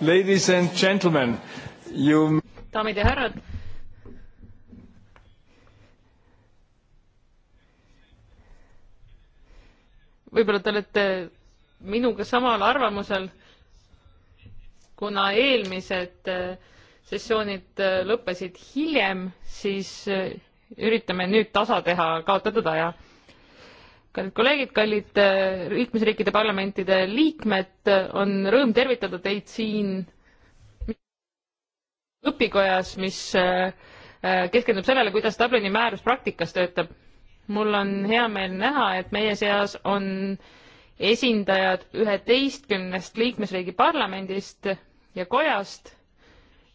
Ladies and gentlemen, you... daamid ja härrad. võib-olla te olete minuga samal arvamusel, kuna eelmised eh, sessioonid eh, lõppesid hiljem, siis eh, üritame nüüd tasa teha kaotatud aja kallid kolleegid, kallid äh, liikmesriikide parlamentide liikmed, on rõõm tervitada teid siin õpikojas, mis äh, äh, keskendub sellele, kuidas Dublini määrus praktikas töötab. mul on hea meel näha, et meie seas on esindajad üheteistkümnest liikmesriigi parlamendist ja kojast.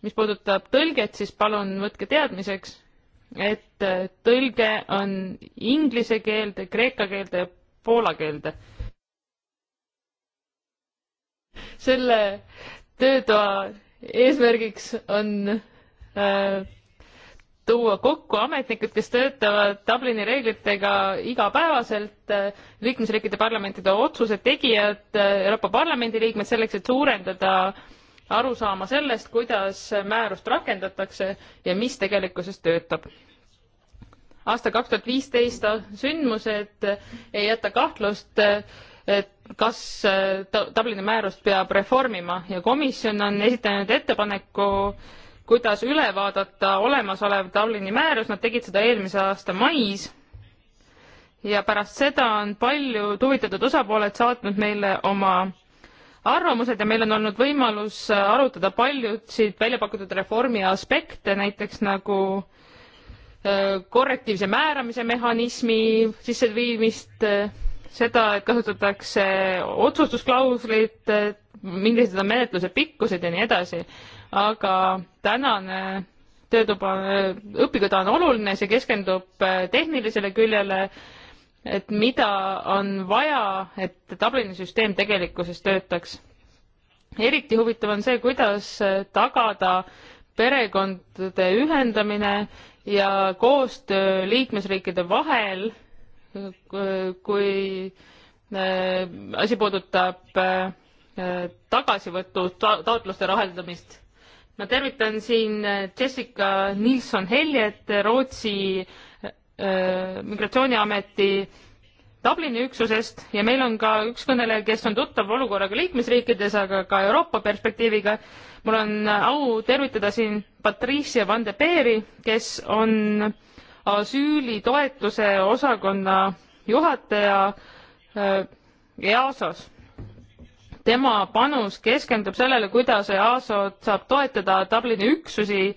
mis puudutab tõlget, siis palun võtke teadmiseks, et äh, tõlge on inglise keelde, kreeka keelde ja poola keelde. selle töötoa eesmärgiks on äh, tuua kokku ametnikud, kes töötavad Dublini reeglitega igapäevaselt, äh, liikmesriikide parlamentide otsuse tegijad, äh, Euroopa Parlamendi liikmed, selleks et suurendada äh, aru saama sellest, kuidas määrust rakendatakse ja mis tegelikkuses töötab. aasta kaks tuhat viisteist sündmused ei jäta kahtlust, et kas äh, Dublini määrust peab reformima ja komisjon on esitanud ettepaneku kuidas üle vaadata olemasolev Dublini määrus, nad tegid seda eelmise aasta mais ja pärast seda on paljud huvitatud osapooled saatnud meile oma arvamused ja meil on olnud võimalus arutada paljusid välja pakutud reformi aspekte, näiteks nagu äh, korrektiivse määramise mehhanismi sisseviimist, äh, seda, et kasutatakse otsustusklauslit, äh, millised on menetluse pikkused ja nii edasi. aga tänane töötuba, õpikoda on oluline, see keskendub tehnilisele küljele et mida on vaja, et Dublini süsteem tegelikkuses töötaks. eriti huvitav on see, kuidas tagada perekondade ühendamine ja koostöö liikmesriikide vahel, kui äh, asi puudutab äh, tagasivõtu taotluste raheldamist. ma tervitan siin äh, Jessica Nilsson-Heljet, Rootsi Äh, migratsiooniameti Dublini üksusest ja meil on ka üks kõneleja, kes on tuttav olukorraga liikmesriikides, aga ka Euroopa perspektiiviga. mul on au tervitada siin Patricia Van de Peeri, kes on asüülitoetuse osakonna juhataja äh, EASO-s. tema panus keskendub sellele, kuidas EASO-d saab toetada Dublini üksusi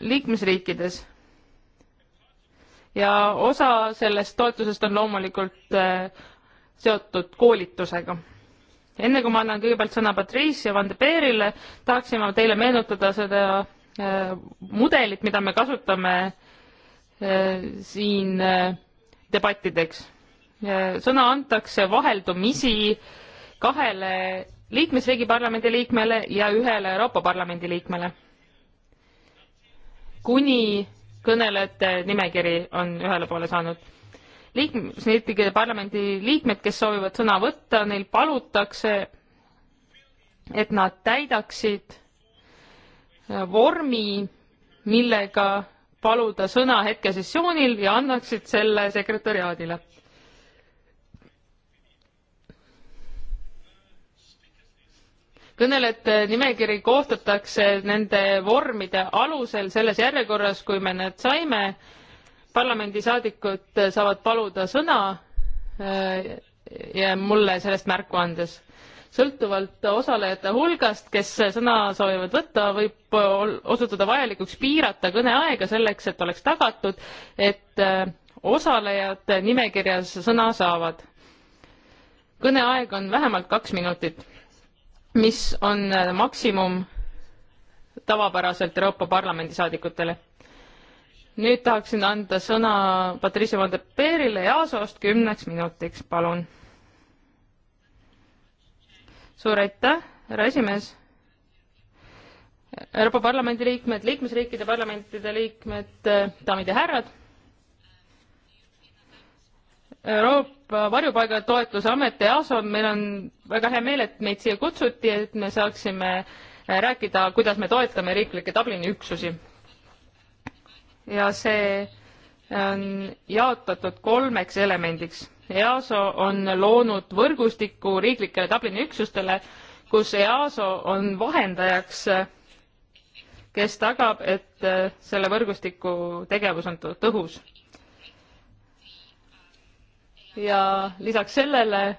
liikmesriikides ja osa sellest toetusest on loomulikult äh, seotud koolitusega. enne kui ma annan kõigepealt sõna Patrice ja Van de Peerile, tahaksin ma teile meenutada seda äh, mudelit, mida me kasutame äh, siin debattideks. sõna antakse vaheldumisi kahele liikmesriigi parlamendi liikmele ja ühele Euroopa Parlamendi liikmele. kuni kõnelejate nimekiri on ühele poole saanud. liikmesriikide parlamendi liikmed, kes soovivad sõna võtta, neil palutakse, et nad täidaksid vormi, millega paluda sõna hetkesessioonil ja annaksid selle sekretäriaadile. kõnelejate nimekiri koostatakse nende vormide alusel selles järjekorras, kui me need saime. parlamendisaadikud saavad paluda sõna äh, ja mulle sellest märku andes. sõltuvalt osalejate hulgast, kes sõna soovivad võtta, võib osutuda vajalikuks piirata kõneaega selleks, et oleks tagatud, et äh, osalejad nimekirjas sõna saavad. kõneaeg on vähemalt kaks minutit mis on äh, maksimum tavapäraselt Euroopa Parlamendi saadikutele. nüüd tahaksin anda sõna Patricia Vandeperile ja Aasost kümneks minutiks, palun. suur aitäh, härra esimees. Euroopa Parlamendi liikmed, liikmesriikide parlamentide liikmed, äh, daamid ja härrad Euroopa Varjupaigatoetusamet EASO, meil on väga hea meel, et meid siia kutsuti, et me saaksime äh, rääkida, kuidas me toetame riiklikke Dublini üksusi. ja see on jaotatud kolmeks elemendiks. EASO on loonud võrgustiku riiklikele Dublini üksustele, kus EASO on vahendajaks, kes tagab, et äh, selle võrgustiku tegevus on tõhus ja lisaks sellele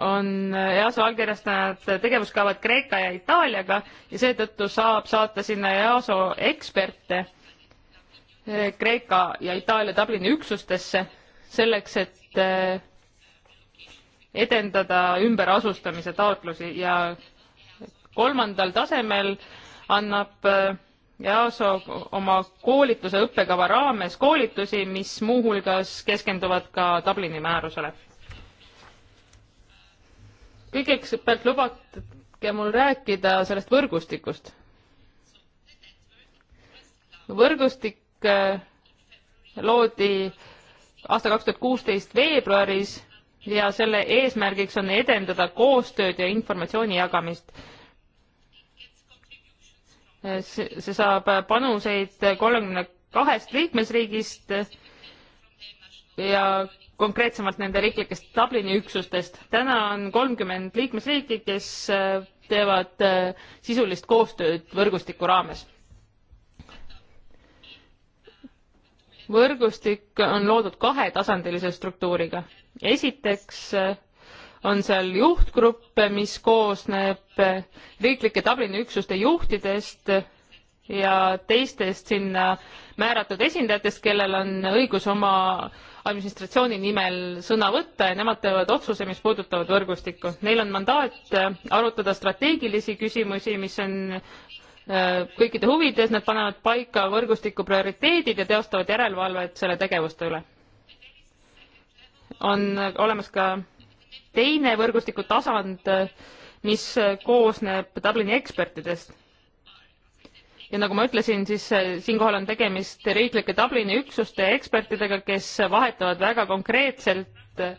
on EASO allkirjastanud tegevuskavad Kreeka ja Itaaliaga ja seetõttu saab saata sinna EASO eksperte Kreeka ja Itaalia Dublini üksustesse selleks, et eh, edendada ümberasustamise taotlusi ja kolmandal tasemel annab eh, EASO oma koolituse õppekava raames koolitusi, mis muuhulgas keskenduvad ka Dublini määrusele. kõigepealt lubage mul rääkida sellest võrgustikust. võrgustik eh, loodi aasta kaks tuhat kuusteist veebruaris ja selle eesmärgiks on edendada koostööd ja informatsiooni jagamist see, see saab panuseid kolmekümne kahest liikmesriigist ja konkreetsemalt nende riiklikest Dublini üksustest. täna on kolmkümmend liikmesriiki, kes teevad eh, sisulist koostööd võrgustiku raames. võrgustik on loodud kahetasandilise struktuuriga. esiteks eh, on seal juhtgruppe, mis koosneb riiklike Dublini üksuste juhtidest ja teistest sinna määratud esindajatest, kellel on õigus oma administratsiooni nimel sõna võtta ja nemad teevad otsuse, mis puudutavad võrgustikku. Neil on mandaat arutada strateegilisi küsimusi, mis on äh, kõikide huvides, nad panevad paika võrgustiku prioriteedid ja teostavad järelevalvet selle tegevuste üle. on olemas ka teine võrgustiku tasand, mis koosneb Dublini ekspertidest. ja nagu ma ütlesin, siis eh, siinkohal on tegemist riiklike Dublini üksuste ekspertidega, kes vahetavad väga konkreetselt eh,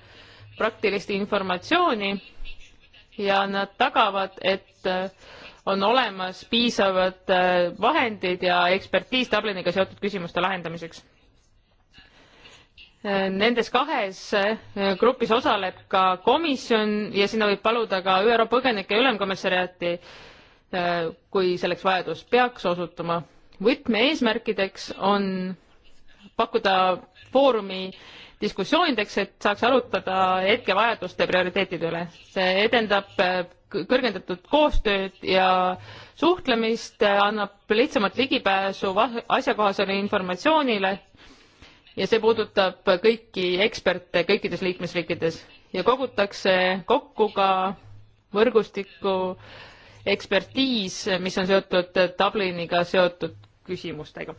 praktilist informatsiooni ja nad tagavad, et eh, on olemas piisavad vahendid ja ekspertiis Dubliniga seotud küsimuste lahendamiseks Nendes kahes eh, grupis osaleb ka komisjon ja sinna võib paluda ka ÜRO põgenike ülemkomissariaati, eh, kui selleks vajadus peaks osutuma. võtmeeesmärkideks on pakkuda foorumi diskussioonideks, et saaks arutada hetkevajaduste prioriteetide üle. see edendab eh, kõrgendatud koostööd ja suhtlemist, annab lihtsamat ligipääsu asjakohasele informatsioonile ja see puudutab kõiki eksperte kõikides liikmesriikides ja kogutakse kokku ka võrgustiku ekspertiis, mis on seotud Dubliniga seotud küsimustega.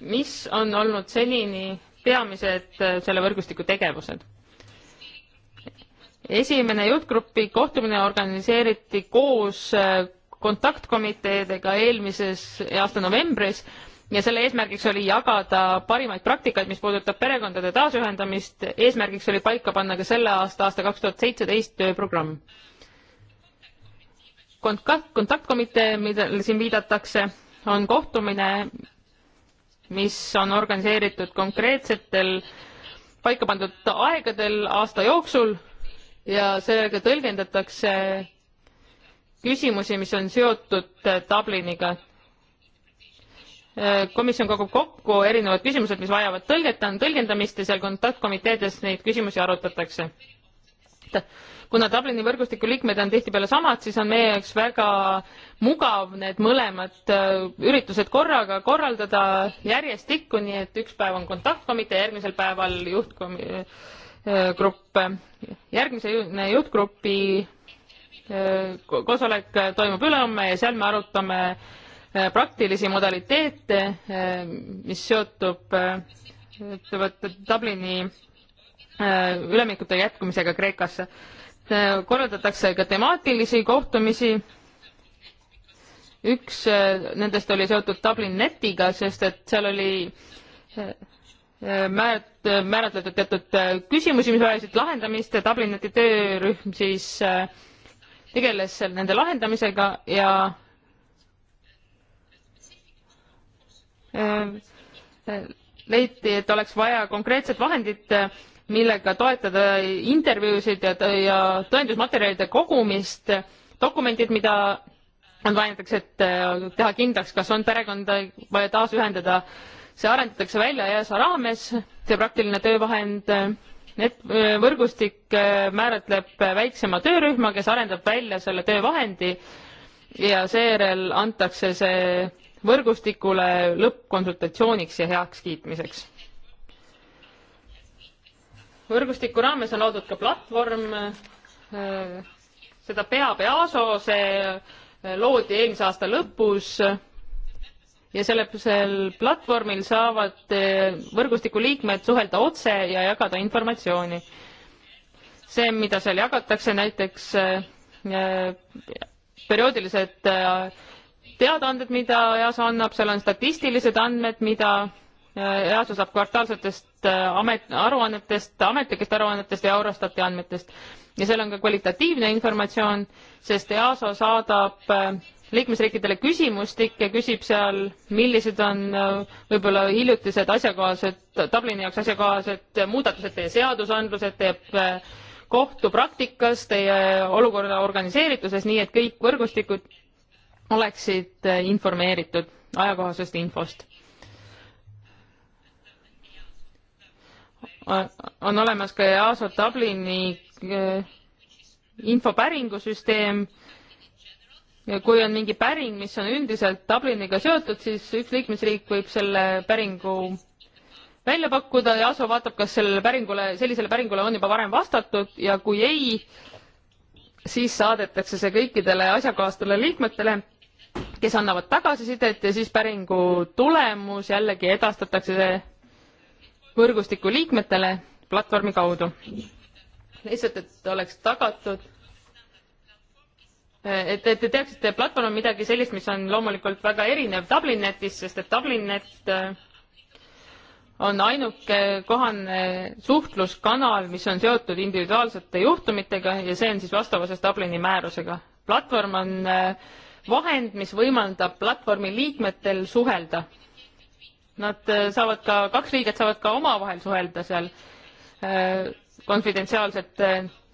mis on olnud senini peamised selle võrgustiku tegevused? esimene juhtgrupi kohtumine organiseeriti koos kontaktkomiteedega eelmises aasta novembris ja selle eesmärgiks oli jagada parimaid praktikaid, mis puudutab perekondade taasühendamist, eesmärgiks oli paika panna ka selle aasta, aasta kaks tuhat seitseteist tööprogramm. Kontakt, kontaktkomitee, millele siin viidatakse, on kohtumine, mis on organiseeritud konkreetsetel paika pandud aegadel aasta jooksul ja sellega tõlgendatakse küsimusi, mis on seotud Dubliniga komisjon kogub kokku erinevad küsimused, mis vajavad tõlget, tõlgendamist ja seal kontaktkomiteedes neid küsimusi arutatakse. kuna Dublini võrgustiku liikmed on tihtipeale samad, siis on meie jaoks väga mugav need mõlemad äh, üritused korraga korraldada järjestikku, nii et üks päev on kontaktkomitee, järgmisel päeval juhtgrupp, äh, järgmise juhtgrupi äh, koosolek toimub ülehomme ja seal me arutame Äh, praktilisi modaliteete, äh, mis seotub ütlevate äh, Dublini ülemikute jätkumisega Kreekasse. korraldatakse ka temaatilisi kohtumisi. üks nendest oli seotud Dublin netiga, sest et seal oli määrat-, määratletud teatud küsimusi, mis vajasid lahendamist ja Dublin neti töörühm siis tegeles seal nende lahendamisega ja Äh, leiti, et oleks vaja konkreetset vahendit, äh, millega toetada intervjuusid ja, ja tõendusmaterjalide kogumist, dokumendid, mida on vaja näiteks, et äh, teha kindlaks, kas on perekonda vaja taasühendada, see arendatakse välja EASA raames, see praktiline töövahend, et võrgustik määratleb väiksema töörühma, kes arendab välja selle töövahendi ja seejärel antakse see võrgustikule lõppkonsultatsiooniks ja heakskiitmiseks. võrgustiku raames on loodud ka platvorm, seda peab EASO, see loodi eelmise aasta lõpus ja sellel platvormil saavad võrgustiku liikmed suhelda otse ja jagada informatsiooni. see, mida seal jagatakse, näiteks eh, perioodilised eh, teadaanded, mida EASO annab, seal on statistilised andmed, mida äh, EASO saab kvartaalsetest äh, amet, aruannetest, ametlikest aruannetest ja Eurostati andmetest. ja seal on ka kvalitatiivne informatsioon, sest EASO saadab äh, liikmesriikidele küsimustikke, küsib seal, millised on võib-olla hiljutised asjakohased, Dublini jaoks asjakohased muudatused teie seadusandlused, teie kohtupraktikas, teie olukorra organiseerituses, nii et kõik võrgustikud oleksid äh, informeeritud ajakohasest infost. on olemas ka EASO Dublini äh, infopäringusüsteem. kui on mingi päring, mis on üldiselt Dubliniga seotud, siis üks liikmesriik võib selle päringu välja pakkuda ja ASO vaatab, kas sellele päringule, sellisele päringule on juba varem vastatud ja kui ei, siis saadetakse see kõikidele asjakohastele liikmetele kes annavad tagasisidet ja siis päringu tulemus jällegi edastatakse võrgustiku liikmetele platvormi kaudu. lihtsalt, et oleks tagatud, et, et te teaksite, platvorm on midagi sellist, mis on loomulikult väga erinev Dublinetist, sest et Dublinet äh, on ainuke kohane suhtluskanal, mis on seotud individuaalsete juhtumitega ja see on siis vastavuses Dublini määrusega. platvorm on äh, vahend, mis võimaldab platvormi liikmetel suhelda. Nad äh, saavad ka, kaks liiget saavad ka omavahel suhelda seal äh, konfidentsiaalselt.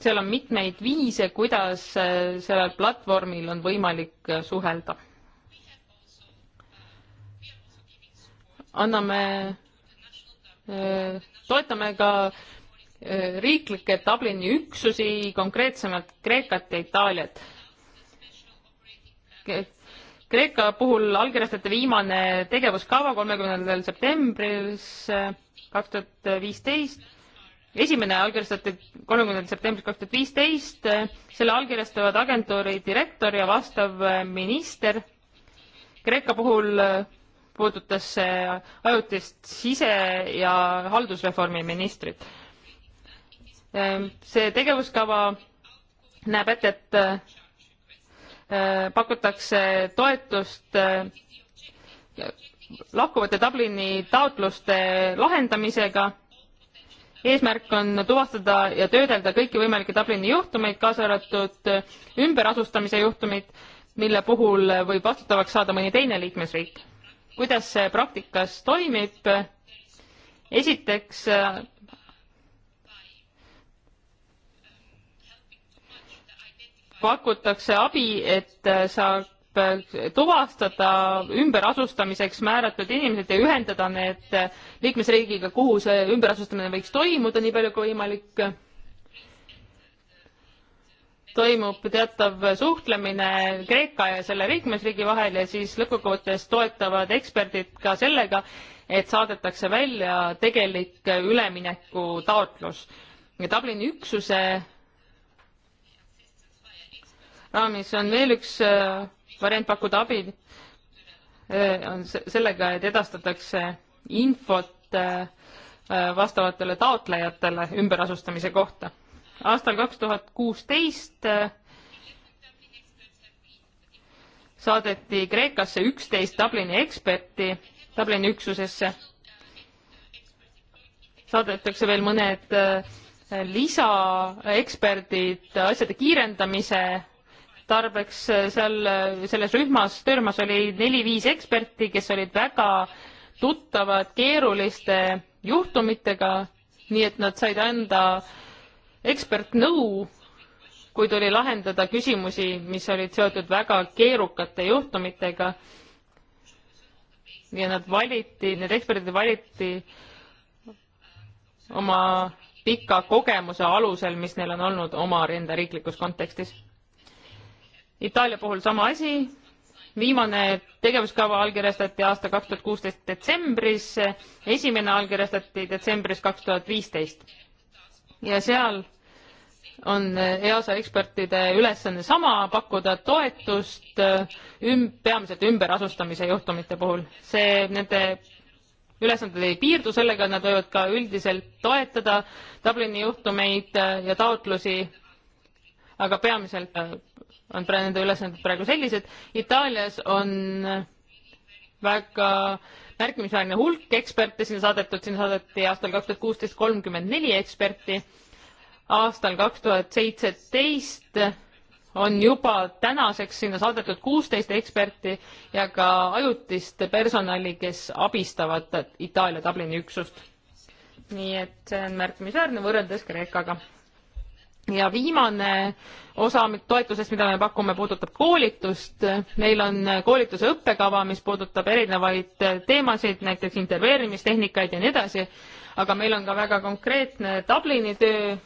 seal on mitmeid viise, kuidas äh, sellel platvormil on võimalik suhelda. anname, toetame ka riiklikke Dublini üksusi, konkreetsemalt Kreekat ja Itaaliat Kreeka puhul allkirjastati viimane tegevuskava kolmekümnendal septembris eh, kaks tuhat viisteist. esimene allkirjastati kolmekümnendal septembril kaks tuhat viisteist, selle allkirjastavad agentuuri direktor ja vastav eh, minister. Kreeka puhul eh, puudutas see ajutist sise- ja haldusreformi ministrit. see tegevuskava näeb ette, et Äh, pakutakse toetust äh, lahkuvate Dublini taotluste lahendamisega. eesmärk on tuvastada ja töödelda kõiki võimalikke Dublini juhtumeid, kaasa arvatud äh, ümberasustamise juhtumeid, mille puhul võib vastutavaks saada mõni teine liikmesriik. kuidas see praktikas toimib? esiteks pakutakse abi, et äh, saab äh, tuvastada ümberasustamiseks määratud inimesed ja ühendada need äh, liikmesriigiga, kuhu see ümberasustamine võiks toimuda, nii palju kui võimalik. toimub teatav suhtlemine Kreeka ja selle liikmesriigi vahel ja siis lõppkokkuvõttes toetavad eksperdid ka sellega, et saadetakse välja tegelik üleminekutaotlus. Dublini üksuse raamis on veel üks äh, variant pakkuda abi, äh, on sellega, et edastatakse infot äh, vastavatele taotlejatele ümberasustamise kohta. aastal kaks tuhat kuusteist saadeti Kreekasse üksteist Dublini eksperti Dublini üksusesse. saadetakse veel mõned lisaeksperdid asjade kiirendamise tarbeks äh, seal äh, selles rühmas, töörühmas oli neli-viis eksperti, kes olid väga tuttavad keeruliste juhtumitega, nii et nad said anda ekspertnõu, kui tuli lahendada küsimusi, mis olid seotud väga keerukate juhtumitega. ja nad valiti, need eksperdid valiti oma pika kogemuse alusel, mis neil on olnud oma rinderiiklikus kontekstis Itaalia puhul sama asi, viimane tegevuskava allkirjastati aasta kaks tuhat kuusteist detsembris, esimene allkirjastati detsembris kaks tuhat viisteist. ja seal on EASA ekspertide ülesanne sama, pakkuda toetust üm-, peamiselt ümberasustamise juhtumite puhul. see, nende ülesanded ei piirdu sellega, nad võivad ka üldiselt toetada Dublini juhtumeid ja taotlusi aga peamiselt äh, on nende ülesanded praegu sellised. Itaalias on väga märkimisväärne hulk eksperte sinna saadetud, sinna saadeti aastal kaks tuhat kuusteist kolmkümmend neli eksperti. aastal kaks tuhat seitseteist on juba tänaseks sinna saadetud kuusteist eksperti ja ka ajutist personali, kes abistavad Itaalia Dublini üksust. nii et see on märkimisväärne võrreldes Kreekaga ja viimane osa toetusest, mida me pakume, puudutab koolitust. meil on koolituse õppekava, mis puudutab erinevaid teemasid, näiteks intervjueerimistehnikaid ja nii edasi, aga meil on ka väga konkreetne Dublini töö,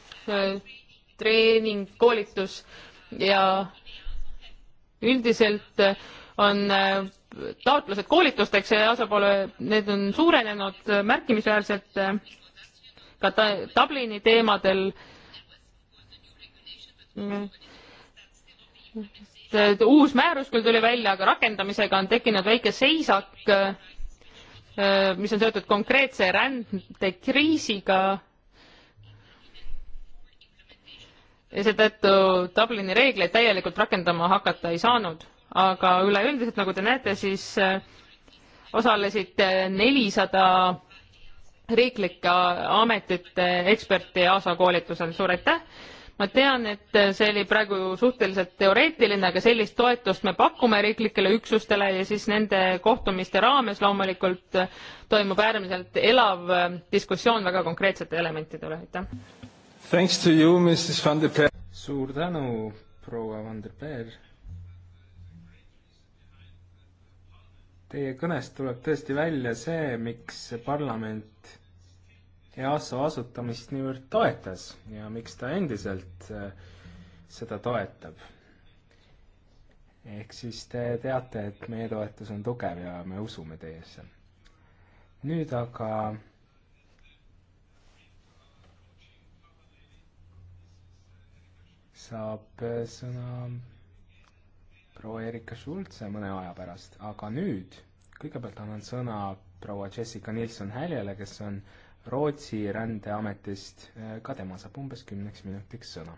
treening, koolitus ja üldiselt on taotlused koolitusteks ja EASA poole, need on suurenenud märkimisväärselt ka Dublini teemadel uus määrus küll tuli välja, aga rakendamisega on tekkinud väike seisak, äh, mis on seotud konkreetse rändekriisiga. ja seetõttu Dublini reegleid täielikult rakendama hakata ei saanud, aga üleüldiselt, nagu te näete, siis äh, osalesid äh, nelisada riiklike ametite eksperti ASA koolitusel, suur aitäh ma tean, et see oli praegu suhteliselt teoreetiline, aga sellist toetust me pakume riiklikele üksustele ja siis nende kohtumiste raames loomulikult toimub äärmiselt elav diskussioon väga konkreetsete elementide üle, aitäh. Thanks to you, Mrs Van de Peer. suur tänu, proua Van de Peer. Teie kõnest tuleb tõesti välja see, miks parlament EASA asutamist niivõrd toetas ja miks ta endiselt eh, seda toetab? ehk siis te teate, et meie toetus on tugev ja me usume teiesse. nüüd aga saab eh, sõna proua Erika Schulze mõne aja pärast, aga nüüd kõigepealt annan sõna proua Jessica Nilsson-Häljele, kes on äh, Rootsi rändeametist, äh, ka tema saab umbes kümneks minutiks sõna.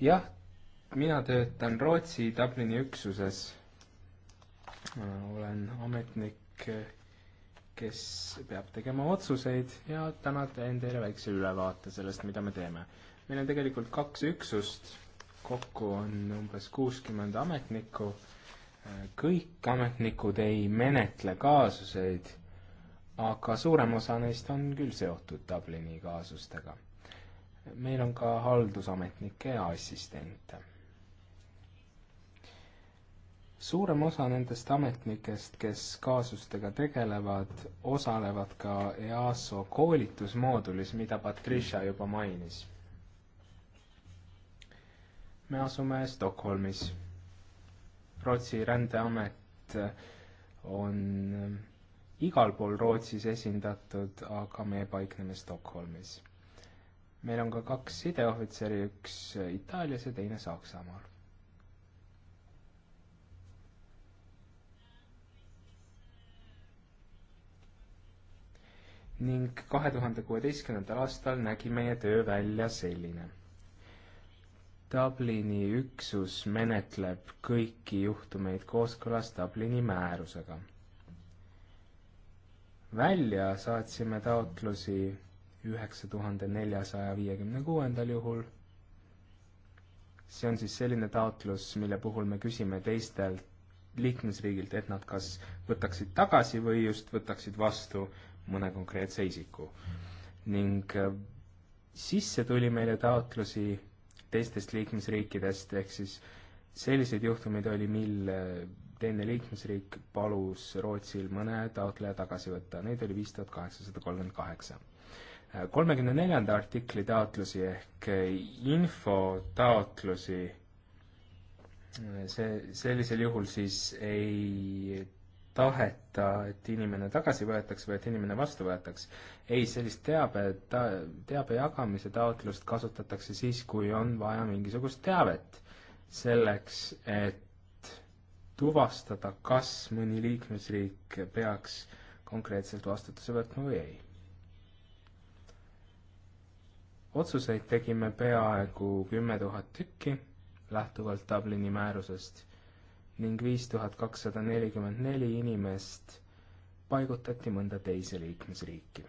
jah, mina töötan Rootsi Dublini üksuses. olen ametnik, äh, kes peab tegema otsuseid ja täna teen teile väikse ülevaate sellest, mida me teeme. meil on tegelikult kaks üksust, kokku on umbes kuuskümmend ametnikku äh, kõik ametnikud ei menetle kaasuseid aga suurem osa neist on küll seotud Dublini kaasustega. meil on ka haldusametnikke ja assistente. suurem osa nendest ametnikest, kes kaasustega tegelevad, osalevad ka EASO koolitusmoodulis, mida Patricia juba mainis. me asume Stockholmis. Rootsi rändeamet on igal pool Rootsis esindatud, aga me paikneme Stockholmis. meil on ka kaks sideohvitseri, üks Itaalias ja teine Saksamaal. ning kahe tuhande kuueteistkümnendal aastal nägi meie töö välja selline Dublini üksus menetleb kõiki juhtumeid kooskõlas Dublini määrusega välja saatsime taotlusi üheksa tuhande neljasaja viiekümne kuuendal juhul. see on siis selline taotlus, mille puhul me küsime teistelt liikmesriigilt, et nad kas võtaksid tagasi või just võtaksid vastu mõne konkreetse isiku. ning äh, sisse tuli meile taotlusi teistest liikmesriikidest, ehk siis selliseid juhtumeid oli, mil äh, teine liikmesriik palus Rootsil mõne taotleja tagasi võtta, neid oli viis tuhat kaheksasada kolmkümmend kaheksa. kolmekümne neljanda artikli taotlusi ehk infotaotlusi, see, sellisel juhul siis ei taheta, et inimene tagasi võetakse või et inimene vastu võetaks. ei, sellist teabe ta,, teabe jagamise taotlust kasutatakse siis, kui on vaja mingisugust teavet selleks, et tuvastada, kas mõni liikmesriik peaks konkreetselt vastutuse võtma või ei. otsuseid tegime peaaegu kümme tuhat tükki, lähtuvalt Dublini määrusest, ning viis tuhat kakssada nelikümmend neli inimest paigutati mõnda teise liikmesriiki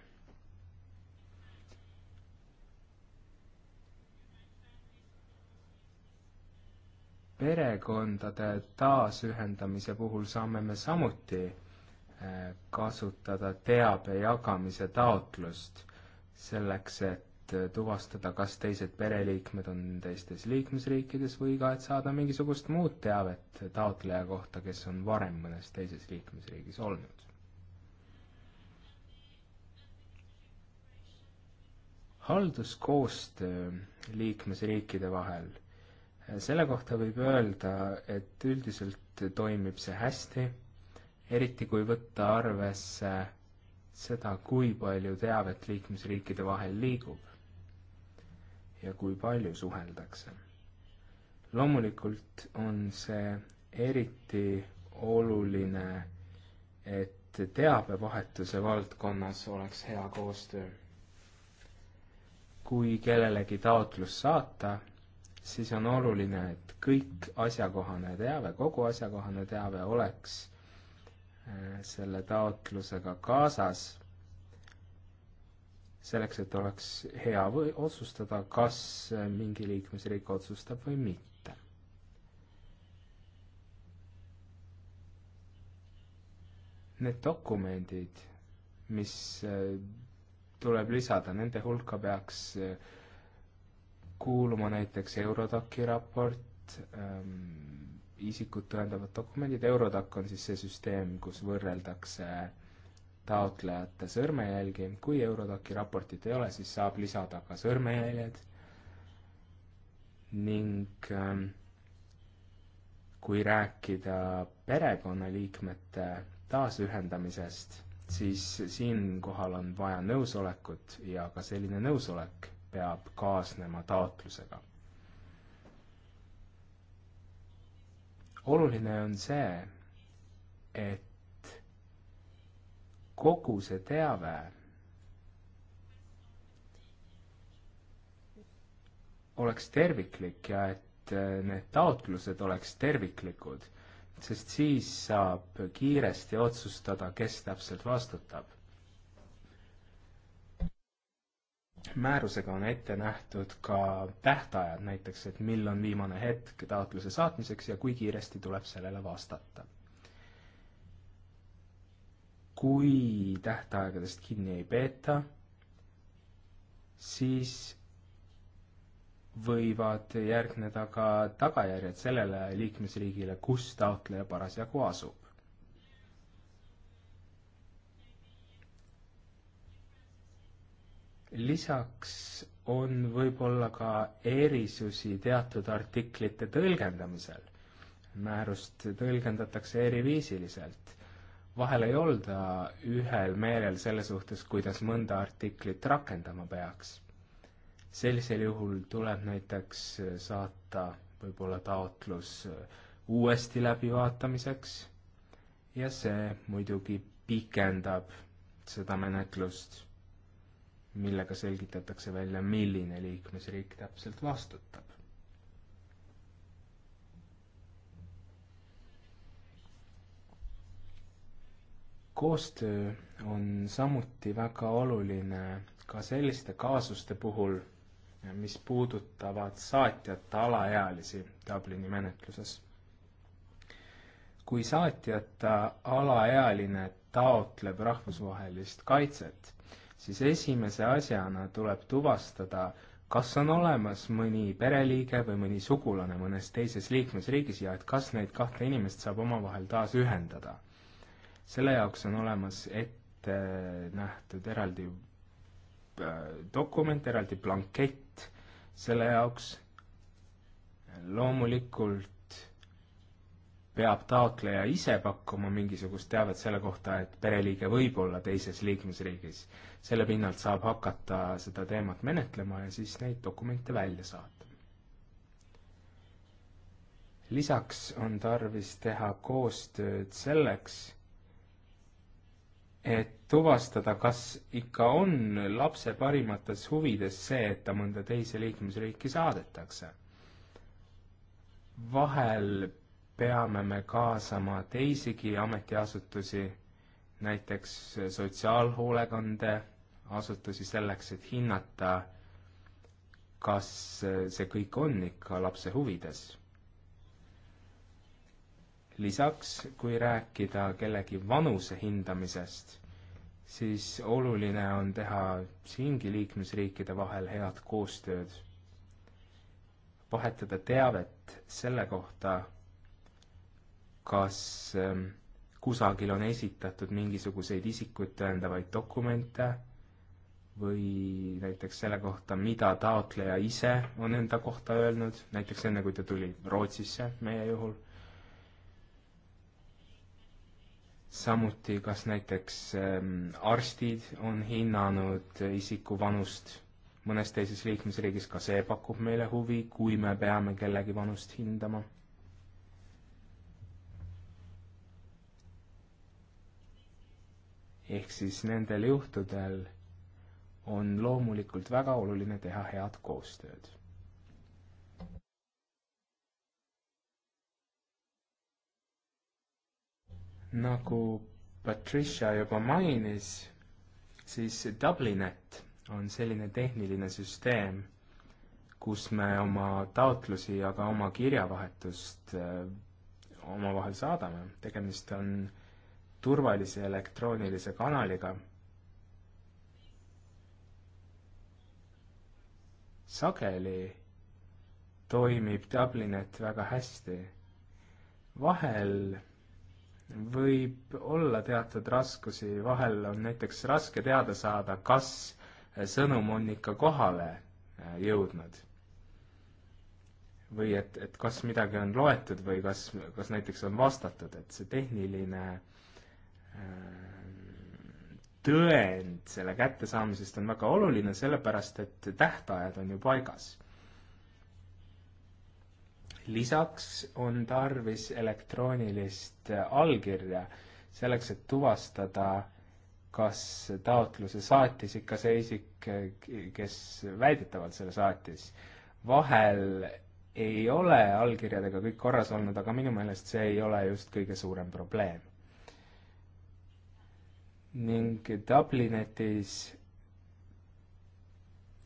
perekondade taasühendamise puhul saame me samuti eh, kasutada teabe jagamise taotlust selleks, et eh, tuvastada, kas teised pereliikmed on teistes liikmesriikides või ka, et saada mingisugust muud teavet taotleja kohta, kes on varem mõnes teises liikmesriigis olnud. halduskoostöö liikmesriikide vahel selle kohta võib öelda, et üldiselt toimib see hästi, eriti kui võtta arvesse seda, kui palju teavet liikmesriikide vahel liigub ja kui palju suheldakse. loomulikult on see eriti oluline, et teabevahetuse valdkonnas oleks hea koostöö. kui kellelegi taotlus saata, siis on oluline, et kõik asjakohane teave, kogu asjakohane teave oleks äh, selle taotlusega kaasas, selleks, et oleks hea või otsustada, kas äh, mingi liikmesriik otsustab või mitte. Need dokumendid, mis äh, tuleb lisada, nende hulka peaks äh, kuuluma näiteks Eurodaki raport ähm,, isikut tõendavad dokumendid, Eurodac on siis see süsteem, kus võrreldakse taotlejate sõrmejälgi, kui Eurodaci raportit ei ole, siis saab lisada ka sõrmejäljed ning ähm, kui rääkida perekonnaliikmete taasühendamisest, siis siinkohal on vaja nõusolekut ja ka selline nõusolek peab kaasnema taotlusega. oluline on see, et kogu see teave oleks terviklik ja et äh, need taotlused oleks terviklikud, sest siis saab kiiresti otsustada, kes täpselt vastutab määrusega on ette nähtud ka tähtajad, näiteks et mil on viimane hetk taotluse saatmiseks ja kui kiiresti tuleb sellele vastata. kui tähtaegadest kinni ei peeta, siis võivad järgneda ka tagajärjed sellele liikmesriigile, kus taotleja parasjagu asub. lisaks on võib-olla ka erisusi teatud artiklite tõlgendamisel. määrust tõlgendatakse eriviisiliselt. vahel ei olda ühel meelel selle suhtes, kuidas mõnda artiklit rakendama peaks. sellisel juhul tuleb näiteks saata võib-olla taotlus uuesti läbivaatamiseks ja see muidugi pikendab seda menetlust millega selgitatakse välja, milline liikmesriik täpselt vastutab. koostöö on samuti väga oluline ka selliste kaasuste puhul, mis puudutavad saatjate alaealisi Dublini menetluses. kui saatjata alaealine taotleb rahvusvahelist kaitset siis esimese asjana tuleb tuvastada, kas on olemas mõni pereliige või mõni sugulane mõnes teises liikmesriigis ja et kas neid kahte inimest saab omavahel taas ühendada. selle jaoks on olemas ette nähtud eraldi äh, dokument, eraldi blankett selle jaoks. loomulikult peab taotleja ise pakkuma mingisugust teavet selle kohta, et pereliige võib olla teises liikmesriigis. selle pinnalt saab hakata seda teemat menetlema ja siis neid dokumente välja saata. lisaks on tarvis teha koostööd selleks, et tuvastada, kas ikka on lapse parimates huvides see, et ta mõnda teise liikmesriiki saadetakse. vahel peame me kaasama teisigi ametiasutusi, näiteks sotsiaalhoolekandeasutusi selleks, et hinnata, kas see kõik on ikka lapse huvides. lisaks, kui rääkida kellegi vanuse hindamisest, siis oluline on teha siingi liikmesriikide vahel head koostööd, vahetada teavet selle kohta kas ähm, kusagil on esitatud mingisuguseid isikuid tõendavaid dokumente või näiteks selle kohta, mida taotleja ise on enda kohta öelnud, näiteks enne, kui ta tuli Rootsisse meie juhul. samuti, kas näiteks ähm, arstid on hinnanud isiku vanust mõnes teises liikmesriigis, ka see pakub meile huvi, kui me peame kellegi vanust hindama ehk siis nendel juhtudel on loomulikult väga oluline teha head koostööd. nagu Patricia juba mainis, siis Dublinet on selline tehniline süsteem, kus me oma taotlusi ja ka oma kirjavahetust äh, omavahel saadame. tegemist on äh, turvalise elektroonilise kanaliga. sageli toimib Dublinet väga hästi. vahel võib olla teatud raskusi, vahel on näiteks raske teada saada, kas sõnum on ikka kohale äh, jõudnud. või et, et kas midagi on loetud või kas, kas näiteks on vastatud, et see tehniline äh, tõend selle kättesaamisest on väga oluline, sellepärast et tähtajad on ju paigas. lisaks on tarvis elektroonilist allkirja selleks, et tuvastada, kas taotluse saatis ikka see isik, kes väidetavalt selle saatis. vahel ei ole allkirjadega kõik korras olnud, aga minu meelest see ei ole just kõige suurem probleem ning Dublinetis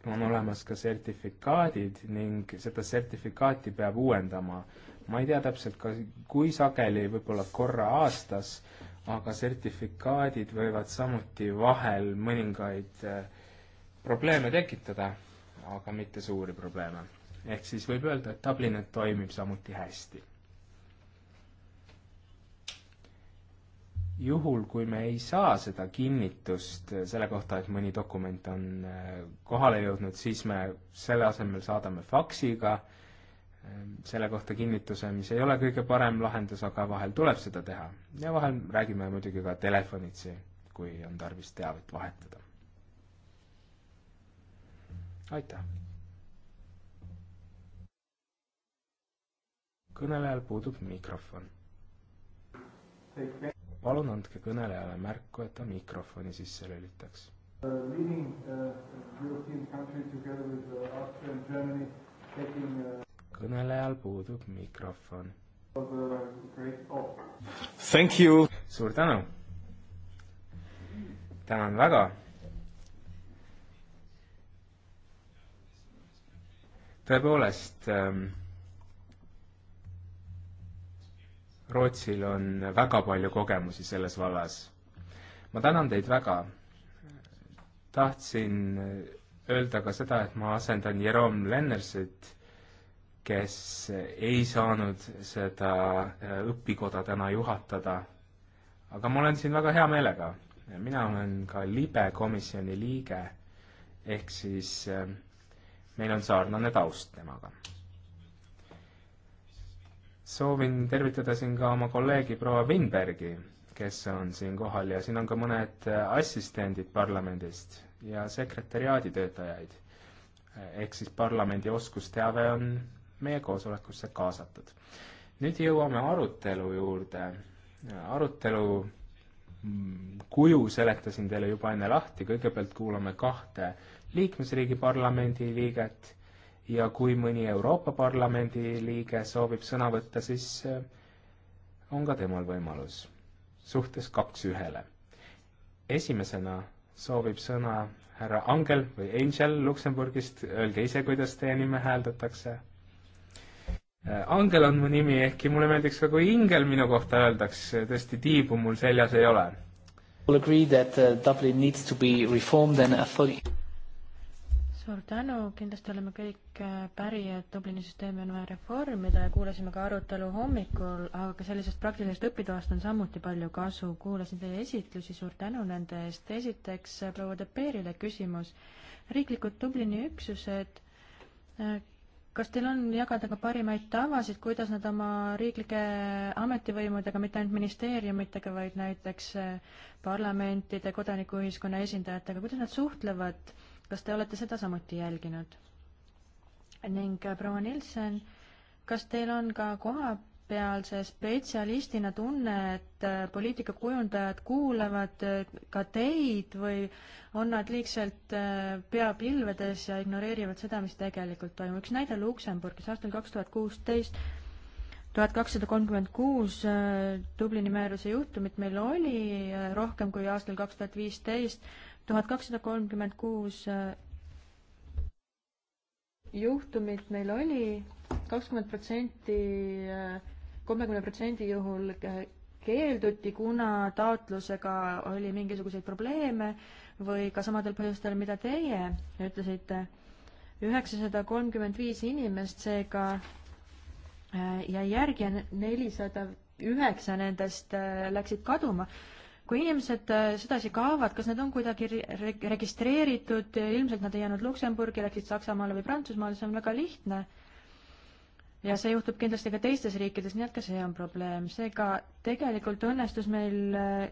on olemas ka sertifikaadid ning seda sertifikaati peab uuendama. ma ei tea täpselt, kas, kui sageli, võib-olla korra aastas, aga sertifikaadid võivad samuti vahel mõningaid eh, probleeme tekitada, aga mitte suuri probleeme. ehk siis võib öelda, et Dublinet toimib samuti hästi juhul, kui me ei saa seda kinnitust selle kohta, et mõni dokument on äh, kohale jõudnud, siis me selle asemel saadame faksiga ähm, selle kohta kinnituse, mis ei ole kõige parem lahendus, aga vahel tuleb seda teha. ja vahel räägime muidugi ka telefonitsi, kui on tarvis teavet vahetada. aitäh! kõnelejal puudub mikrofon palun andke kõnelejale märku, et ta mikrofoni sisse lülitaks. Uh, uh, uh, kõnelejal puudub mikrofon. suur tänu! tänan väga! tõepoolest ähm, Rootsil on väga palju kogemusi selles vallas. ma tänan teid väga. tahtsin öelda ka seda, et ma asendan Jerome Lennersit, kes ei saanud seda äh, õpikoda täna juhatada. aga ma olen siin väga hea meelega. mina olen ka libe komisjoni liige ehk siis äh, meil on sarnane taust temaga soovin tervitada siin ka oma kolleegi proua Winbergi, kes on siin kohal ja siin on ka mõned äh, assistendid parlamendist ja sekretäriaadi töötajaid. ehk siis parlamendi oskusteave on meie koosolekusse kaasatud. nüüd jõuame arutelu juurde. arutelu mm, kuju seletasin teile juba enne lahti, kõigepealt kuulame kahte liikmesriigi parlamendi liiget ja kui mõni Euroopa Parlamendi liige soovib sõna võtta, siis äh, on ka temal võimalus. suhtes kaks ühele. esimesena soovib sõna härra Angel või Angel Luksemburgist, öelge ise, kuidas teie nime hääldatakse. Äh, Angel on mu nimi, ehkki mulle meeldiks ka, kui Ingel minu kohta öeldakse, tõesti tiibu mul seljas ei ole. Will agree that uh, Dublin needs to be reformed and authority suur tänu, kindlasti oleme kõik äh, päri, et Dublini süsteemi on vaja reformida ja kuulasime ka arutelu hommikul, aga ka sellisest praktilisest õpitoast on samuti palju kasu. kuulasin teie esitlusi, suur tänu nende eest. esiteks äh, proua Depeerile küsimus. riiklikud Dublini üksused, äh, kas teil on jagada ka parimaid tavasid, kuidas nad oma riiklike ametivõimudega, mitte ainult ministeeriumitega, vaid näiteks parlamentide, kodanikuühiskonna esindajatega, kuidas nad suhtlevad kas te olete seda samuti jälginud? ning äh, proua Nilsen, kas teil on ka kohapealse spetsialistina tunne, et äh, poliitikakujundajad kuulavad äh, ka teid või on nad liigselt pea pilvedes ja ignoreerivad seda, mis tegelikult toimub? üks näide Luksemburgis aastal kaks tuhat kuusteist tuhat kakssada kolmkümmend kuus Dublini määruse juhtumit meil oli rohkem kui aastal kaks tuhat viisteist tuhat kakssada kolmkümmend kuus äh, juhtumit meil oli, kakskümmend protsenti, äh, kolmekümne protsendi juhul keelduti, kuna taotlusega oli mingisuguseid probleeme või ka samadel põhjustel, mida teie ütlesite. üheksasada kolmkümmend viis inimest seega äh, jäi järgi ja nelisada üheksa nendest läksid kaduma kui inimesed äh, sedasi kaovad, kas need on kuidagi re registreeritud, ilmselt nad ei jäänud Luksemburgi, läksid Saksamaale või Prantsusmaale, see on väga lihtne. ja see juhtub kindlasti ka teistes riikides, nii et ka see on probleem. seega tegelikult õnnestus meil äh,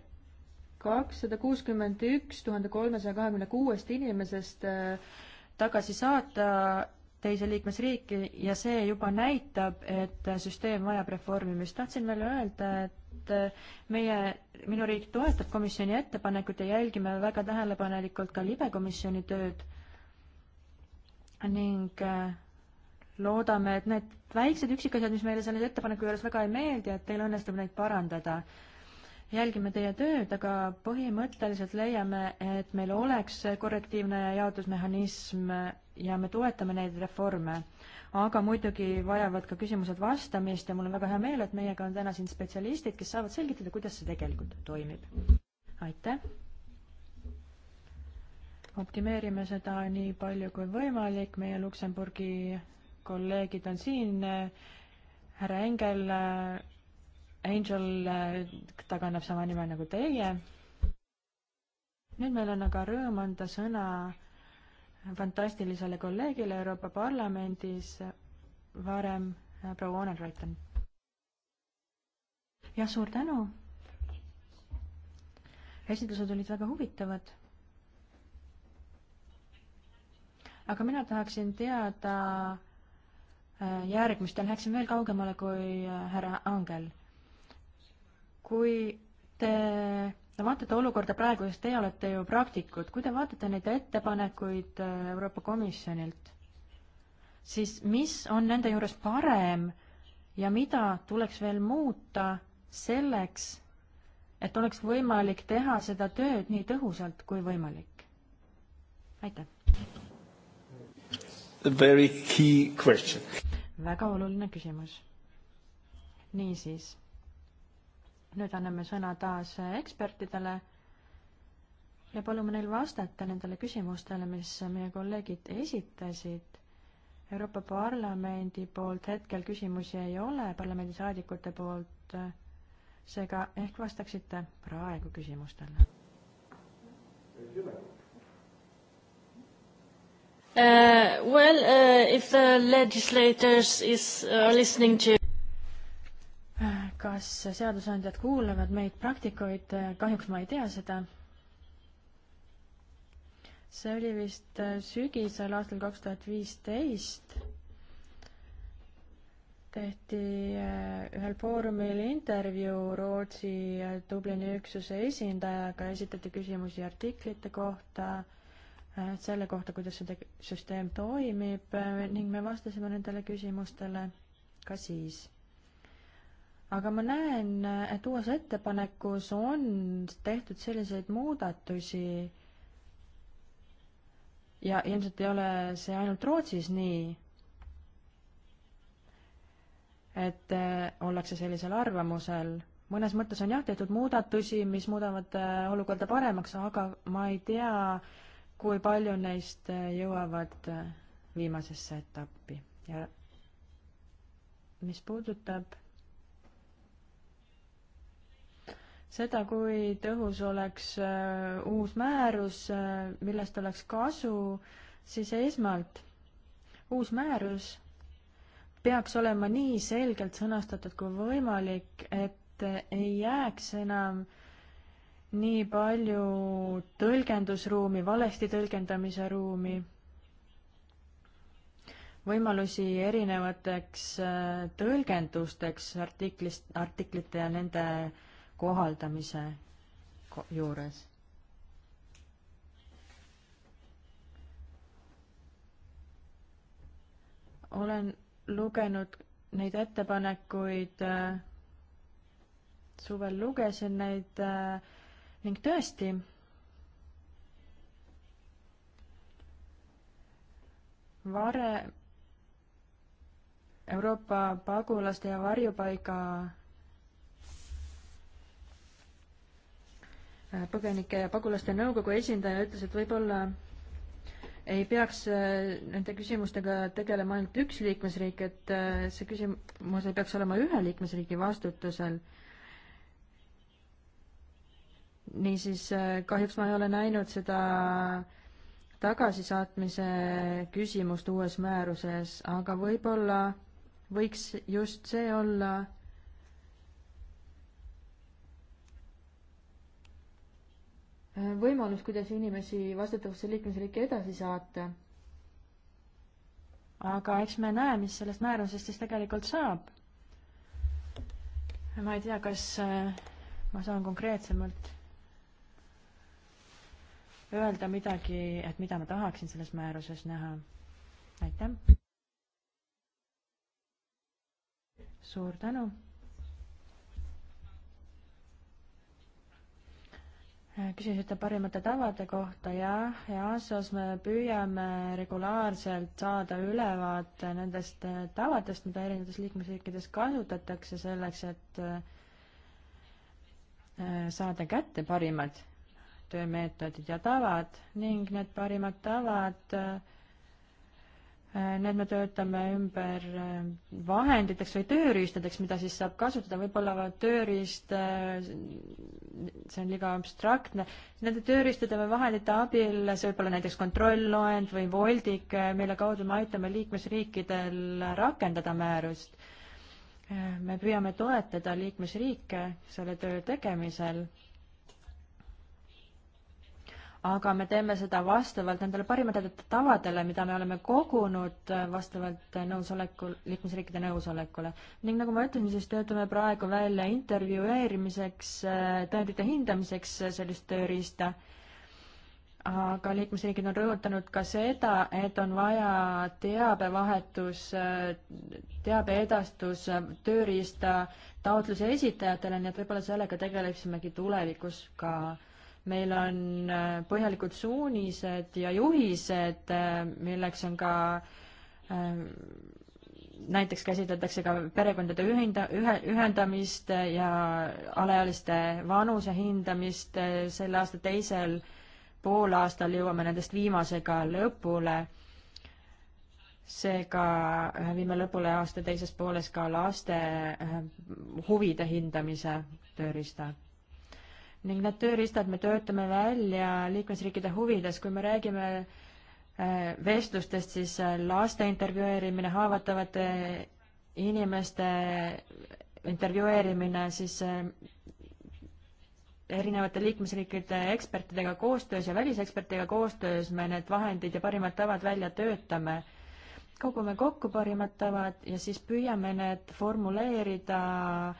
kakssada kuuskümmend üks tuhande kolmesaja kahekümne kuuest inimesest äh, tagasi saata teise liikmesriiki ja see juba näitab, et süsteem vajab reformimist. tahtsin veel öelda, et et äh, meie, minu riik toetab komisjoni ettepanekut ja jälgime väga tähelepanelikult ka libekomisjoni tööd ning äh, loodame, et need väiksed üksikasjad, mis meile selle ettepaneku juures väga ei meeldi, et teil õnnestub neid parandada. jälgime teie tööd, aga põhimõtteliselt leiame, et meil oleks korrektiivne jaotusmehhanism ja me toetame neid reforme aga muidugi vajavad ka küsimused vastamist ja mul on väga hea meel, et meiega on täna siin spetsialistid, kes saavad selgitada, kuidas see tegelikult toimib. aitäh! optimeerime seda nii palju kui võimalik, meie Luksemburgi kolleegid on siin, härra Engel, Angel, ta kannab sama nime nagu teie. nüüd meil on aga rõõm anda sõna fantastilisele kolleegile Euroopa Parlamendis varem, äh, proua Onel Reuten. jah, suur tänu. esitlused olid väga huvitavad. aga mina tahaksin teada äh, järgmist ja läheksin veel kaugemale kui äh, härra Angel. kui te no vaatate olukorda praegu, sest teie olete ju praktikud, kui te vaatate neid ettepanekuid äh, Euroopa Komisjonilt, siis mis on nende juures parem ja mida tuleks veel muuta selleks, et oleks võimalik teha seda tööd nii tõhusalt kui võimalik? aitäh! väga oluline küsimus. niisiis nüüd anname sõna taas ekspertidele ja palume neil vastata nendele küsimustele, mis meie kolleegid esitasid. Euroopa Parlamendi poolt hetkel küsimusi ei ole, parlamendisaadikute poolt, seega ehk vastaksite praegu küsimustele? Uh, well, uh, if the legislators is uh, listening to kas seadusandjad kuulavad meid praktikuid, kahjuks ma ei tea seda. see oli vist äh, sügisel aastal kaks tuhat viisteist. tehti äh, ühel foorumil intervjuu Rootsi äh, Dublini üksuse esindajaga, esitati küsimusi artiklite kohta selle kohta, kuidas see süsteem toimib ning me vastasime nendele küsimustele ka siis aga ma näen, et uues ettepanekus on tehtud selliseid muudatusi ja ilmselt ei ole see ainult Rootsis nii, et eh, ollakse sellisel arvamusel. mõnes mõttes on jah, tehtud muudatusi, mis muudavad eh, olukorda paremaks, aga ma ei tea, kui palju neist eh, jõuavad viimasesse etappi ja mis puudutab seda, kui tõhus oleks äh, uus määrus, äh, millest oleks kasu, siis esmalt uus määrus peaks olema nii selgelt sõnastatud kui võimalik, et ei jääks enam nii palju tõlgendusruumi, valesti tõlgendamise ruumi, võimalusi erinevateks äh, tõlgendusteks artiklist, artiklite ja nende äh, kohaldamise juures. olen lugenud neid ettepanekuid, äh, suvel lugesin neid äh, ning tõesti, varem Euroopa pagulaste ja varjupaiga põgenike ja pagulaste nõukogu esindaja ütles, et võib-olla ei peaks äh, nende küsimustega tegelema ainult üks liikmesriik, et äh, see küsimus ei peaks olema ühe liikmesriigi vastutusel. niisiis äh, kahjuks ma ei ole näinud seda tagasisaatmise küsimust uues määruses, aga võib-olla võiks just see olla võimalus, kuidas inimesi vastutavasse liikmesriiki edasi saata. aga eks me näe, mis sellest määrusest siis tegelikult saab. ma ei tea, kas äh, ma saan konkreetsemalt öelda midagi, et mida ma tahaksin selles määruses näha. aitäh! suur tänu! küsisite parimate tavade kohta, jah, EASO-s me püüame regulaarselt saada ülevaate nendest äh, tavadest, mida erinevates liikmesriikides kasutatakse selleks, et äh, saada kätte parimad töömeetodid ja tavad ning need parimad tavad äh, Äh, need me töötame ümber äh, vahenditeks või tööriistadeks, mida siis saab kasutada, võib-olla tööriist, äh, see on liiga abstraktne, nende tööriistade või vahendite abil, see võib olla näiteks kontrollloend või voldik, mille kaudu me aitame liikmesriikidel rakendada määrust. me püüame toetada liikmesriike selle töö tegemisel aga me teeme seda vastavalt nendele parimatele tavadele, mida me oleme kogunud äh, vastavalt nõusolekul, liikmesriikide nõusolekule. ning nagu ma ütlesin, siis töötame praegu välja intervjueerimiseks, äh, tõendite hindamiseks äh, sellist tööriista. aga liikmesriigid on rõhutanud ka seda, et on vaja teabevahetus, teabe edastus tööriista taotluse esitajatele, nii et võib-olla sellega tegeleksimegi tulevikus ka meil on äh, põhjalikud suunised ja juhised, äh, milleks on ka ähm, näiteks käsitletakse ka perekondade ühinda, ühe, ühendamist ja alaealiste vanuse hindamist, selle aasta teisel poolaastal jõuame nendest viimasega lõpule. seega äh, viime lõpule aasta teises pooles ka laste huvide hindamise tööriista ning need tööriistad me töötame välja liikmesriikide huvides, kui me räägime äh, vestlustest, siis äh, laste intervjueerimine, haavatavate inimeste intervjueerimine, siis äh, erinevate liikmesriikide ekspertidega koostöös ja välisekspertidega koostöös me need vahendid ja parimad tavad välja töötame. kogume kokku parimad tavad ja siis püüame need formuleerida äh,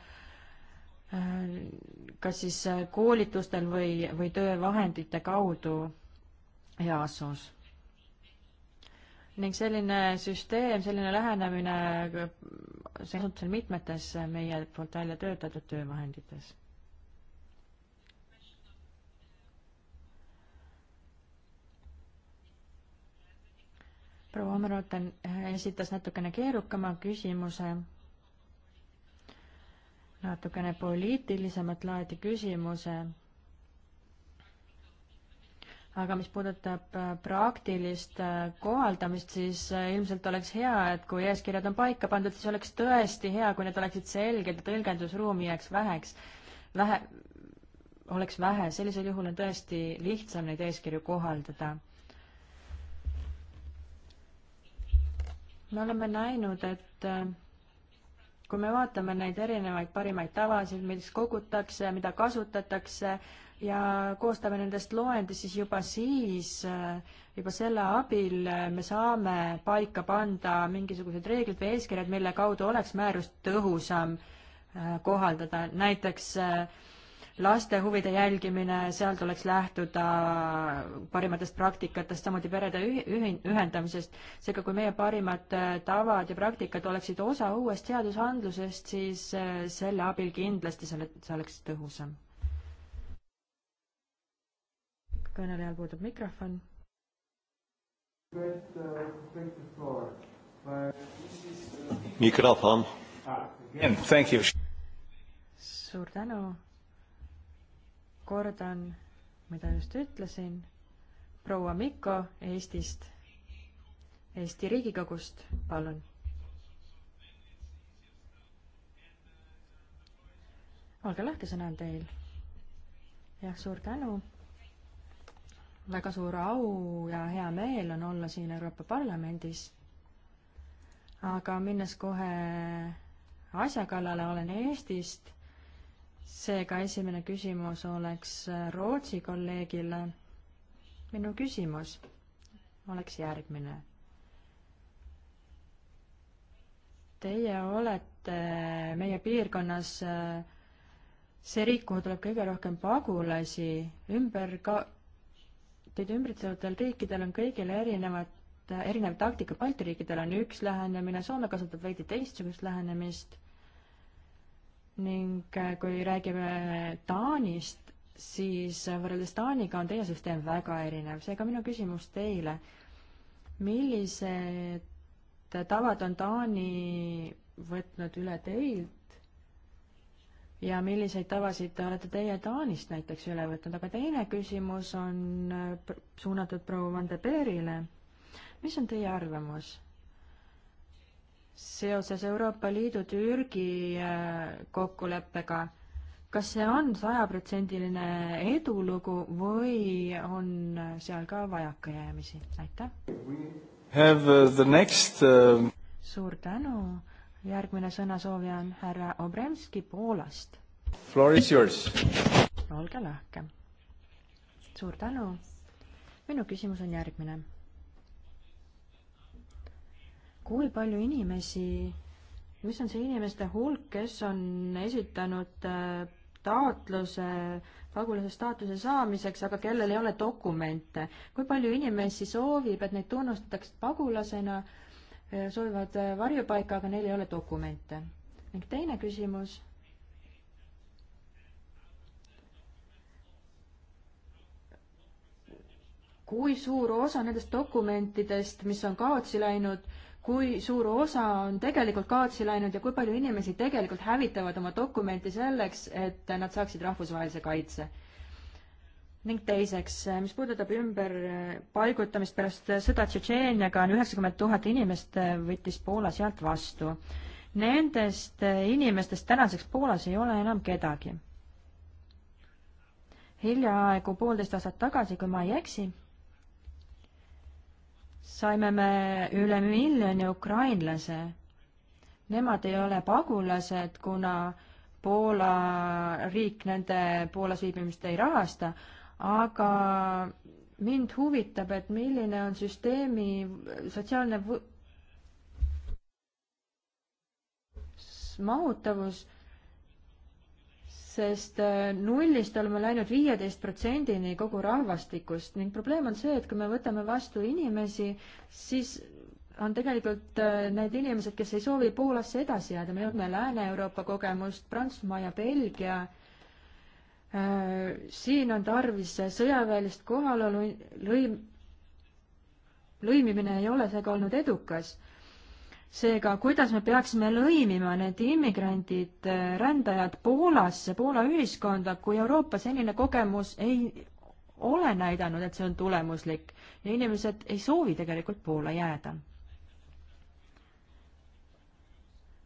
Äh, kas siis äh, koolitustel või, või töövahendite kaudu EASO-s. ning selline süsteem, selline lähenemine, äh, see kasutusel mitmetes meie poolt välja töötatud töövahendites. proua Omeroten esitas natukene keerukama küsimuse natukene poliitilisemat laadi küsimuse. aga mis puudutab äh, praktilist äh, kohaldamist, siis äh, ilmselt oleks hea, et kui eeskirjad on paika pandud, siis oleks tõesti hea, kui need oleksid selged ja tõlgendusruumi jääks väheks, vähe, oleks vähe, sellisel juhul on tõesti lihtsam neid eeskirju kohaldada me oleme näinud, et kui me vaatame neid erinevaid parimaid tavasid, mis kogutakse, mida kasutatakse ja koostame nendest loendi, siis juba siis, juba selle abil me saame paika panda mingisugused reeglid või eeskirjad, mille kaudu oleks määrust tõhusam äh, kohaldada, näiteks äh, laste huvide jälgimine, seal tuleks lähtuda parimatest praktikatest, samuti perede ühin-, ühendamisest. seega, kui meie parimad äh, tavad ja praktikad oleksid osa uuest seadusandlusest, siis äh, selle abil kindlasti selle, see oleks tõhusam. kõnelejal puudub mikrofon. mikrofon. Thank you. suur tänu kordan, mida just ütlesin, proua Mikko Eestist, Eesti Riigikogust, palun. olge lahke, sõna on teil. jah, suur tänu. väga suur au ja hea meel on olla siin Euroopa Parlamendis. aga minnes kohe asja kallale, olen Eestist seega esimene küsimus oleks äh, Rootsi kolleegile. minu küsimus oleks järgmine. Teie olete äh, meie piirkonnas äh, see riik, kuhu tuleb kõige rohkem pagulasi, ümber ka, teid ümbritsevatel riikidel on kõigil erinevad, erinev taktika, Balti riikidel on üks lähenemine, Soome kasutab veidi teistsugust lähenemist ning äh, kui räägime Taanist, siis võrreldes Taaniga on teie süsteem väga erinev, seega minu küsimus teile, millised tavad on Taani võtnud üle teilt ja milliseid tavasid olete teie Taanist näiteks üle võtnud, aga teine küsimus on suunatud proua Van de Peerile. mis on teie arvamus? seoses Euroopa Liidu Türgi äh, kokkuleppega, kas see on sajaprotsendiline edulugu või on seal ka vajakajäämisi? aitäh! Have uh, the next uh... suur tänu, järgmine sõnasoovija on härra Obremski Poolast. Floor is yours. olge lahke. suur tänu. minu küsimus on järgmine kui palju inimesi, mis on see inimeste hulk, kes on esitanud äh, taotluse pagulase staatuse saamiseks, aga kellel ei ole dokumente. kui palju inimesi soovib, et neid tunnustatakse pagulasena, äh, soovivad äh, varjupaika, aga neil ei ole dokumente? ning teine küsimus kui suur osa nendest dokumentidest, mis on kaotsi läinud, kui suur osa on tegelikult kaotsi läinud ja kui palju inimesi tegelikult hävitavad oma dokumenti selleks, et nad saaksid rahvusvahelise kaitse. ning teiseks, mis puudutab ümberpaigutamist pärast sõda Tšetšeeniaga, on üheksakümmend tuhat inimest äh, võttis Poola sealt vastu. Nendest äh, inimestest tänaseks Poolas ei ole enam kedagi. hiljaaegu poolteist aastat tagasi, kui ma ei eksi saime me üle miljoni ukrainlase. Nemad ei ole pagulased, kuna Poola riik nende Poolas viibimist ei rahasta, aga mind huvitab, et milline on süsteemi sotsiaalne võ... mahutavus sest äh, nullist oleme läinud viieteist protsendini kogu rahvastikust ning probleem on see, et kui me võtame vastu inimesi, siis on tegelikult äh, need inimesed, kes ei soovi Poolasse edasi jääda, me jõuame Lääne-Euroopa kogemust, Prantsusmaa ja Belgia, äh, siin on tarvis sõjaväelist kohalolu, lõim-, lõimimine ei ole seega olnud edukas seega, kuidas me peaksime lõimima need immigrandid, äh, rändajad Poolasse, Poola ühiskonda, kui Euroopa senine kogemus ei ole näidanud, et see on tulemuslik ja inimesed ei soovi tegelikult Poola jääda.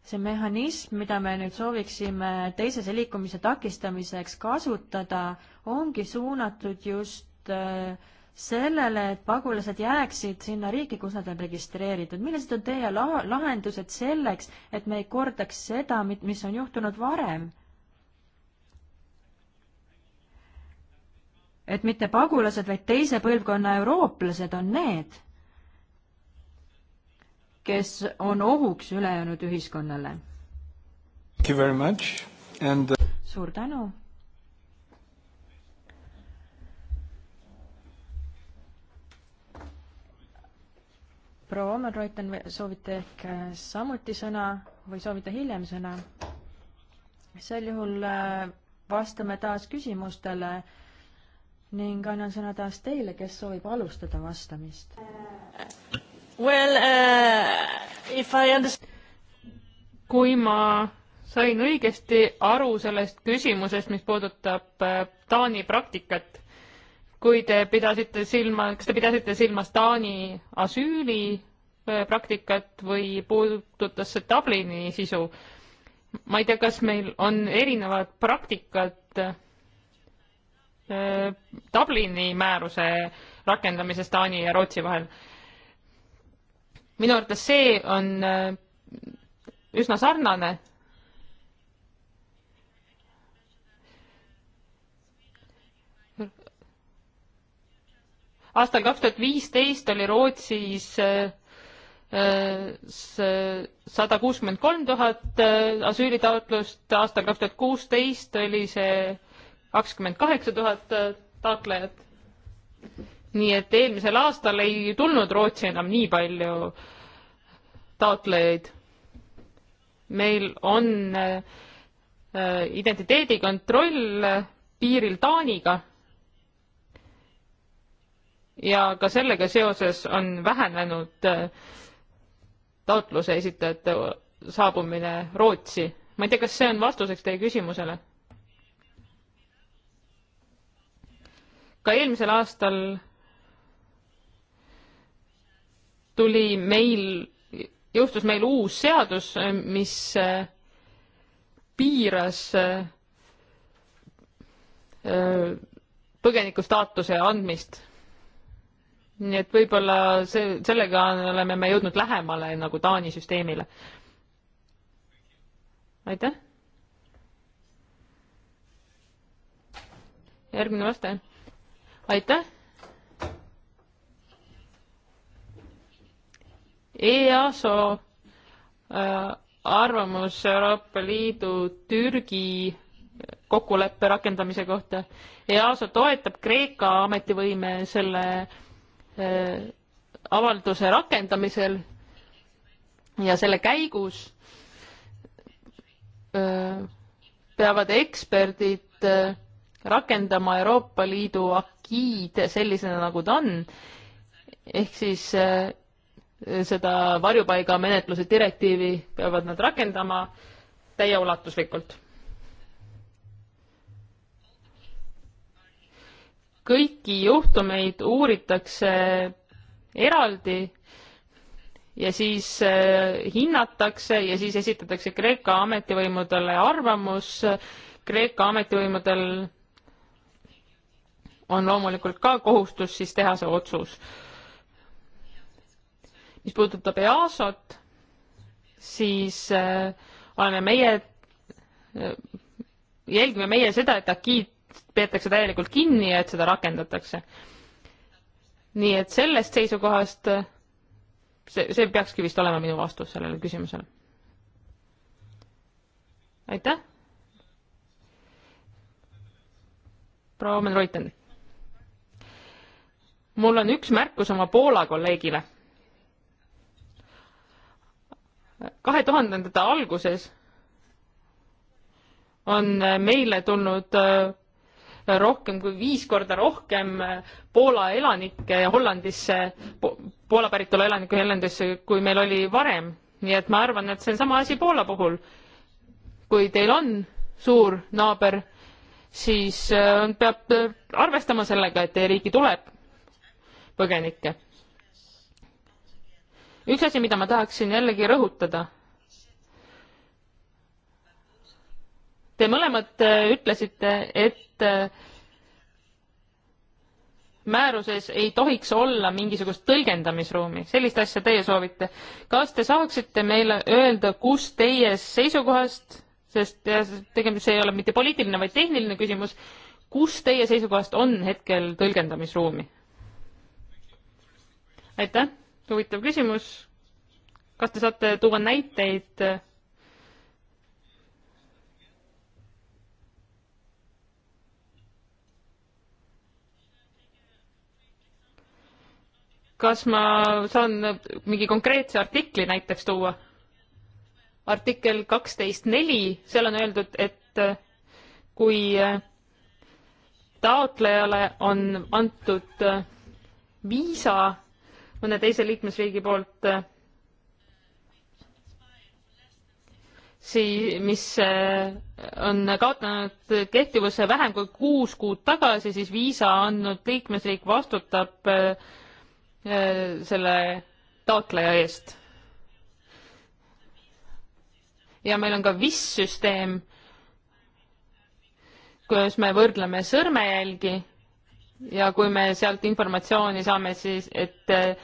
see mehhanism, mida me nüüd sooviksime teisese liikumise takistamiseks kasutada, ongi suunatud just äh, sellele, et pagulased jääksid sinna riiki, kus nad on registreeritud. millised on teie la-, lahendused selleks, et me ei kordaks seda, mis on juhtunud varem? et mitte pagulased, vaid teise põlvkonna eurooplased on need, kes on ohuks ülejäänud ühiskonnale. And... Uh, suur tänu proua Omenreuten, soovite ehk äh, samuti sõna või soovite hiljem sõna? sel juhul äh, vastame taas küsimustele ning annan sõna taas teile, kes soovib alustada vastamist. Well uh,, if I understand. kui ma sain õigesti aru sellest küsimusest, mis puudutab Taani praktikat kui te pidasite silma, kas te pidasite silmas Taani asüülipraktikat äh, või puudutas see Dublini sisu? ma ei tea, kas meil on erinevad praktikad äh, Dublini määruse rakendamises Taani ja Rootsi vahel. minu arvates see on äh, üsna sarnane, aastal kaks tuhat viisteist oli Rootsis äh, äh, sada kuuskümmend kolm tuhat äh, asüülitaotlust, aastal kaks tuhat kuusteist oli see kakskümmend kaheksa tuhat taotlejat. nii et eelmisel aastal ei tulnud Rootsi enam nii palju taotlejaid. meil on identiteedikontroll piiril Taaniga ja ka sellega seoses on vähenenud äh, taotluse esitajate saabumine Rootsi. ma ei tea, kas see on vastuseks teie küsimusele? ka eelmisel aastal tuli meil, jõustus meil uus seadus, äh, mis äh, piiras põgeniku staatuse andmist nii et võib-olla see, sellega oleme me jõudnud lähemale nagu Taani süsteemile. aitäh. järgmine vastaja. aitäh. EASO äh, arvamus Euroopa Liidu Türgi kokkuleppe rakendamise kohta. EASO toetab Kreeka ametivõime selle äh, Äh, avalduse rakendamisel ja selle käigus äh, peavad eksperdid äh, rakendama Euroopa Liidu akiid sellisena, nagu ta on, ehk siis seda varjupaigamenetluse direktiivi peavad nad rakendama täieulatuslikult kõiki juhtumeid uuritakse eraldi ja siis äh, hinnatakse ja siis esitatakse Kreeka ametivõimudele arvamus. Kreeka ametivõimudel on loomulikult ka kohustus siis teha see otsus. mis puudutab EASO-t, siis äh, oleme meie, äh, jälgime meie seda, et agiid peetakse täielikult kinni ja et seda rakendatakse. nii et sellest seisukohast see, see peakski vist olema minu vastus sellele küsimusele. aitäh. proua Omen Reuten. mul on üks märkus oma Poola kolleegile. kahe tuhandendate alguses on meile tulnud äh, rohkem kui viis korda rohkem Poola elanikke Hollandisse, Poola päritolu elanikke Hollandisse, kui meil oli varem. nii et ma arvan, et see on sama asi Poola puhul. kui teil on suur naaber, siis äh, peab äh, arvestama sellega, et teie riiki tuleb põgenikke. üks asi, mida ma tahaksin jällegi rõhutada Te mõlemad äh, ütlesite, et äh, määruses ei tohiks olla mingisugust tõlgendamisruumi, sellist asja teie soovite. kas te saaksite meile öelda, kus teie seisukohast, sest tegemist ei ole mitte poliitiline, vaid tehniline küsimus, kus teie seisukohast on hetkel tõlgendamisruumi? aitäh, huvitav küsimus. kas te saate tuua näiteid äh, kas ma saan mingi konkreetse artikli näiteks tuua? artikkel kaksteist neli, seal on öeldud, et äh, kui äh, taotlejale on antud äh, viisa mõne teise liikmesriigi poolt, sii-, mis on kaotanud kehtivuse vähem kui kuus kuud tagasi, siis viisa andnud liikmesriik vastutab äh, selle taotleja eest. ja meil on ka VIS-süsteem, kus me võrdleme sõrmejälgi ja kui me sealt informatsiooni saame, siis et eh,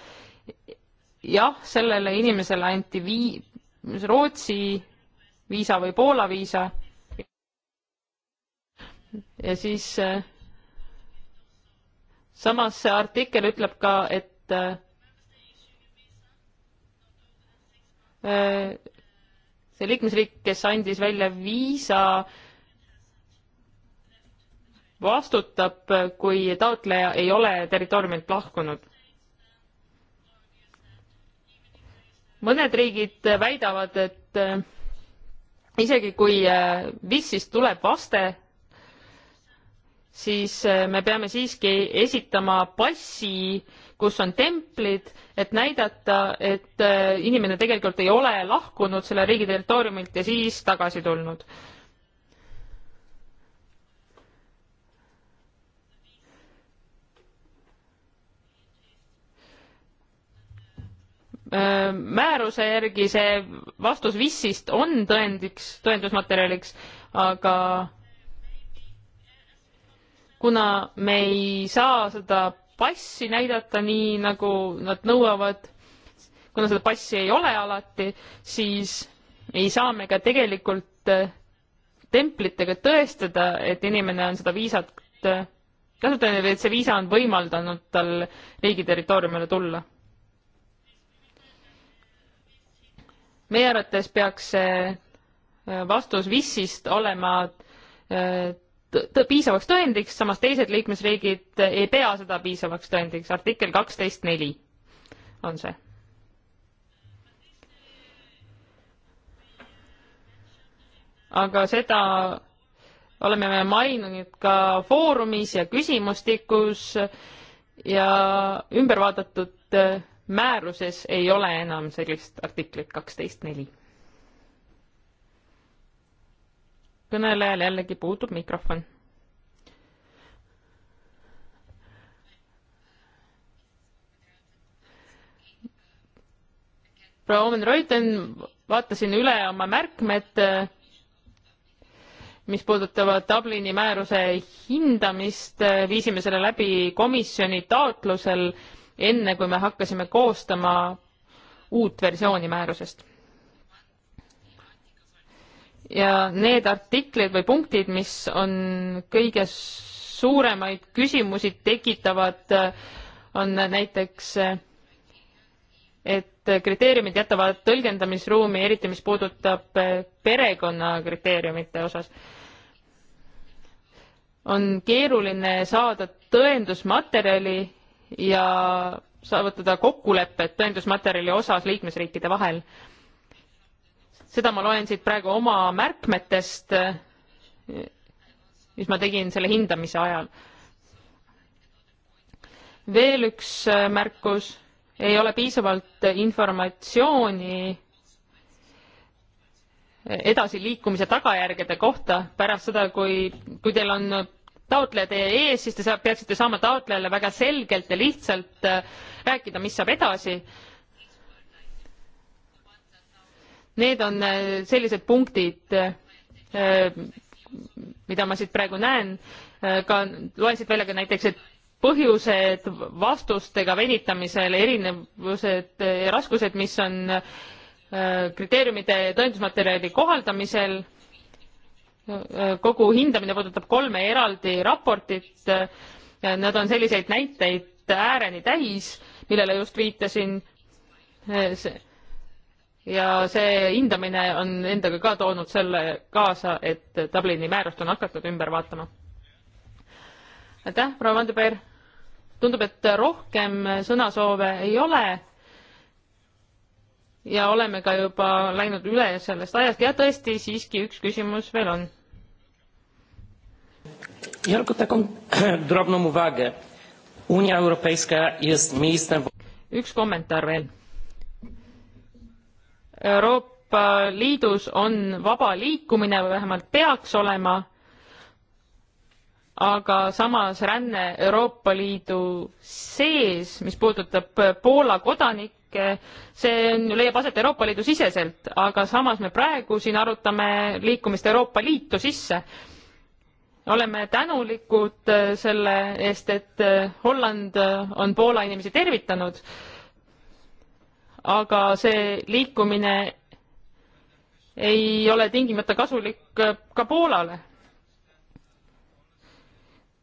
jah, sellele inimesele anti vii-, Rootsi viisa või Poola viisa. ja siis eh, samas see artikkel ütleb ka, et et äh, see liikmesriik, kes andis välja viisa, vastutab, kui taotleja ei ole territooriumilt lahkunud. mõned riigid väidavad, et äh, isegi kui äh, VIS-ist tuleb vaste, siis me peame siiski esitama passi kus on templid, et näidata, et äh, inimene tegelikult ei ole lahkunud selle riigi territooriumilt ja siis tagasi tulnud. Äh, määruse järgi see vastus vissist on tõendiks, tõendusmaterjaliks, aga kuna me ei saa seda passi näidata nii, nagu nad nõuavad. kuna seda passi ei ole alati, siis ei saa me ka tegelikult eh, templitega tõestada, et inimene on seda viisat eh, kasutanud, et see viisa on võimaldanud tal riigi territooriumile tulla. meie arvates peaks see eh, vastus VIS-ist olema piisavaks tõendiks, samas teised liikmesriigid ei pea seda piisavaks tõendiks. artikkel kaksteist neli on see. aga seda oleme me maininud ka foorumis ja küsimustikus ja ümber vaadatud määruses ei ole enam sellist artiklit kaksteist neli kõnelejal jällegi puudub mikrofon. proua Omen Reuten, vaatasin üle oma märkmed, mis puudutavad Dublini määruse hindamist, viisime selle läbi komisjoni taotlusel, enne kui me hakkasime koostama uut versiooni määrusest ja need artiklid või punktid, mis on kõige suuremaid küsimusi tekitavad, on näiteks et kriteeriumid jätavad tõlgendamisruumi, eriti mis puudutab perekonna kriteeriumite osas. on keeruline saada tõendusmaterjali ja saavutada kokkulepet tõendusmaterjali osas liikmesriikide vahel seda ma loen siit praegu oma märkmetest, mis ma tegin selle hindamise ajal. veel üks äh, märkus, ei ole piisavalt informatsiooni edasiliikumise tagajärgede kohta pärast seda, kui, kui teil on taotleja teie ees, siis te peaksite saama taotlejale väga selgelt ja lihtsalt äh, rääkida, mis saab edasi Need on äh, sellised punktid, äh, mida ma siit praegu näen, äh, ka loen siit välja ka näiteks, et põhjused vastustega venitamisele, erinevused ja raskused, mis on kriteeriumide ja tõendusmaterjali kohaldamisel. kogu hindamine puudutab kolme eraldi raportit. Nad on selliseid näiteid ääreni täis, millele just viitasin ja see hindamine on endaga ka toonud selle kaasa, et Dublini määrust on hakatud ümber vaatama. aitäh, proua Vandepeer. tundub, et rohkem sõnasoove ei ole. ja oleme ka juba läinud üle sellest ajast ja tõesti siiski üks küsimus veel on. üks kommentaar veel Euroopa Liidus on vaba liikumine või vähemalt peaks olema, aga samas ränne Euroopa Liidu sees, mis puudutab Poola kodanikke, see on, leiab aset Euroopa Liidu siseselt, aga samas me praegu siin arutame liikumist Euroopa Liitu sisse oleme tänulikud selle eest, et Holland on Poola inimesi tervitanud aga see liikumine ei ole tingimata kasulik äh, ka Poolale.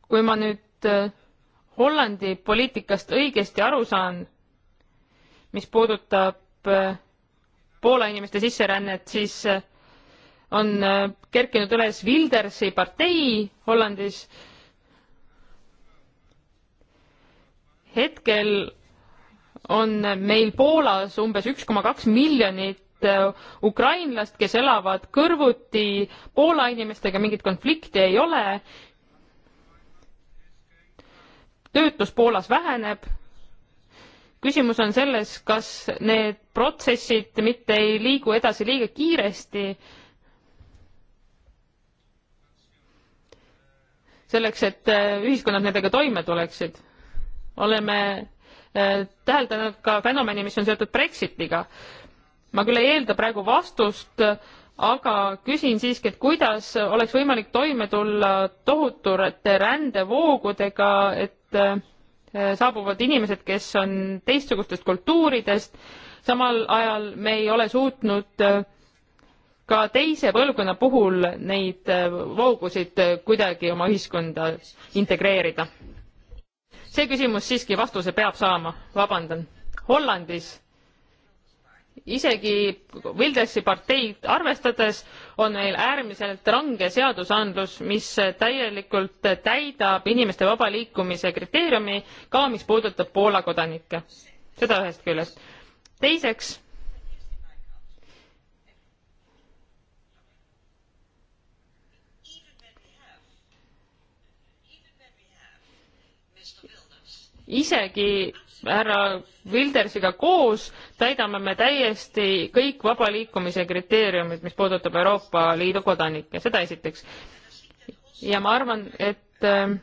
kui ma nüüd äh, Hollandi poliitikast õigesti aru saan, mis puudutab äh, Poola inimeste sisserännet, siis on kerkinud üles Wildersi partei Hollandis. hetkel on meil Poolas umbes üks koma kaks miljonit äh, ukrainlast, kes elavad kõrvuti Poola inimestega, mingit konflikti ei ole. töötus Poolas väheneb. küsimus on selles, kas need protsessid mitte ei liigu edasi liiga kiiresti. selleks, et äh, ühiskonnad nendega toime tuleksid. oleme Äh, täheldanud ka fenomeni, mis on seotud Brexitiga. ma küll ei eelda praegu vastust, aga küsin siiski, et kuidas oleks võimalik toime tulla tohutute rändevoogudega, et äh, saabuvad inimesed, kes on teistsugustest kultuuridest, samal ajal me ei ole suutnud äh, ka teise põlvkonna puhul neid voogusid kuidagi oma ühiskonda integreerida see küsimus siiski vastuse peab saama, vabandan. Hollandis isegi Wildesi parteid arvestades on meil äärmiselt range seadusandlus, mis täielikult täidab inimeste vaba liikumise kriteeriumi, ka mis puudutab Poola kodanikke. seda ühest küljest. teiseks isegi härra Wildersiga koos täidame me täiesti kõik vaba liikumise kriteeriumid, mis puudutab Euroopa Liidu kodanikke, seda esiteks. ja ma arvan, et ähm,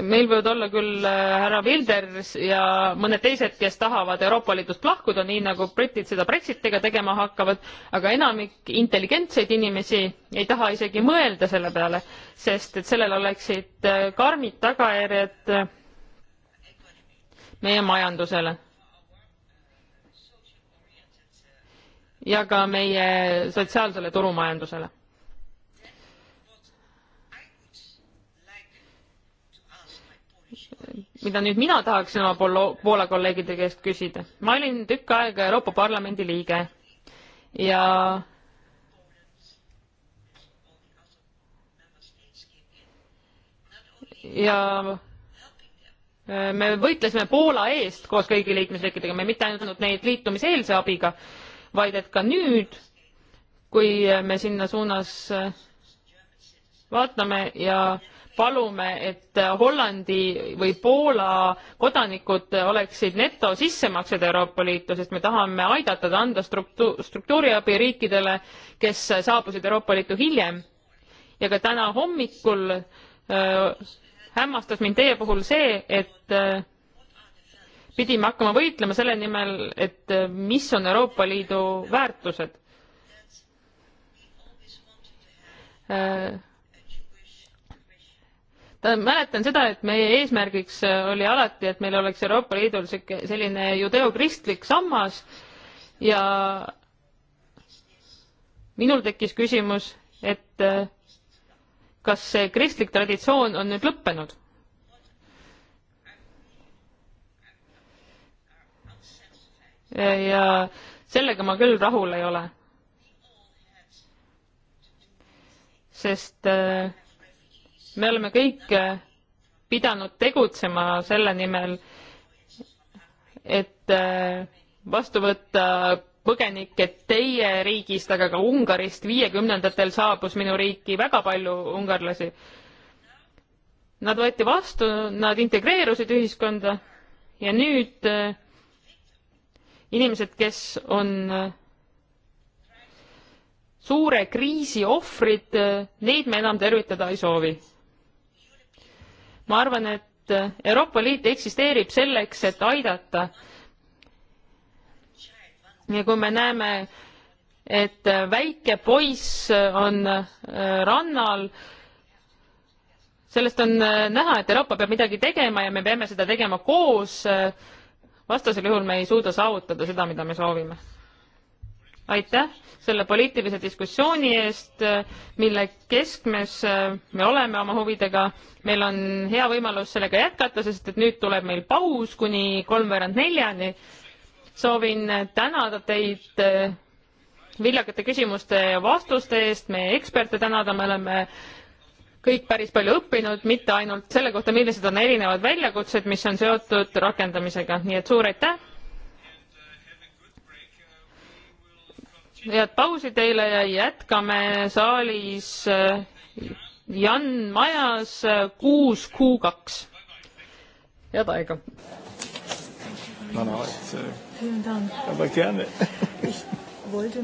meil võivad olla küll äh, härra Wilder ja mõned teised, kes tahavad Euroopa Liidust lahkuda, nii nagu britid seda Brexitiga tegema hakkavad, aga enamik intelligentseid inimesi ei taha isegi mõelda selle peale, sest et sellel oleksid äh, karmid tagajärjed äh, meie majandusele. ja ka meie sotsiaalsele turumajandusele mida nüüd mina tahaksin oma Polo Poola kolleegide käest küsida. ma olin tükk aega Euroopa Parlamendi liige ja ja äh, me võitlesime Poola eest koos kõigi liikmesriikidega, me mitte ainult neid liitumiseelse abiga, vaid et ka nüüd, kui me sinna suunas äh, vaatame ja äh, palume, et Hollandi või Poola kodanikud oleksid neto sissemaksjad Euroopa Liitu, sest me tahame aidata ta anda struktu-, struktuuriabi riikidele, kes saabusid Euroopa Liitu hiljem. ja ka täna hommikul äh, hämmastas mind teie puhul see, et äh, pidime hakkama võitlema selle nimel, et äh, mis on Euroopa Liidu väärtused äh, mäletan seda, et meie eesmärgiks äh, oli alati, et meil oleks Euroopa Liidul selline judeokristlik sammas ja minul tekkis küsimus, et äh, kas see kristlik traditsioon on nüüd lõppenud? ja sellega ma küll rahul ei ole. sest äh, me oleme kõik äh, pidanud tegutsema selle nimel, et äh, vastu võtta põgenikke teie riigist, aga ka Ungarist. viiekümnendatel saabus minu riiki väga palju ungarlasi. Nad võeti vastu, nad integreerusid ühiskonda ja nüüd äh, inimesed, kes on suure kriisi ohvrid, neid me enam tervitada ei soovi ma arvan, et Euroopa Liit eksisteerib selleks, et aidata. ja kui me näeme, et väike poiss on äh, rannal, sellest on äh, näha, et Euroopa peab midagi tegema ja me peame seda tegema koos. Äh, vastasel juhul me ei suuda saavutada seda, mida me soovime aitäh selle poliitilise diskussiooni eest, mille keskmes äh, me oleme oma huvidega. meil on hea võimalus sellega jätkata, sest et nüüd tuleb meil paus kuni kolmveerand neljani. soovin tänada teid äh, viljakate küsimuste ja vastuste eest, meie eksperte tänada, me oleme kõik päris palju õppinud, mitte ainult selle kohta, millised on erinevad väljakutsed, mis on seotud rakendamisega, nii et suur aitäh head pausi teile ja jätkame saalis äh, Jan Majas äh, kuus kuu kaks. head aega. Man har ett... Vielen Dank. Aber gerne. Ich wollte noch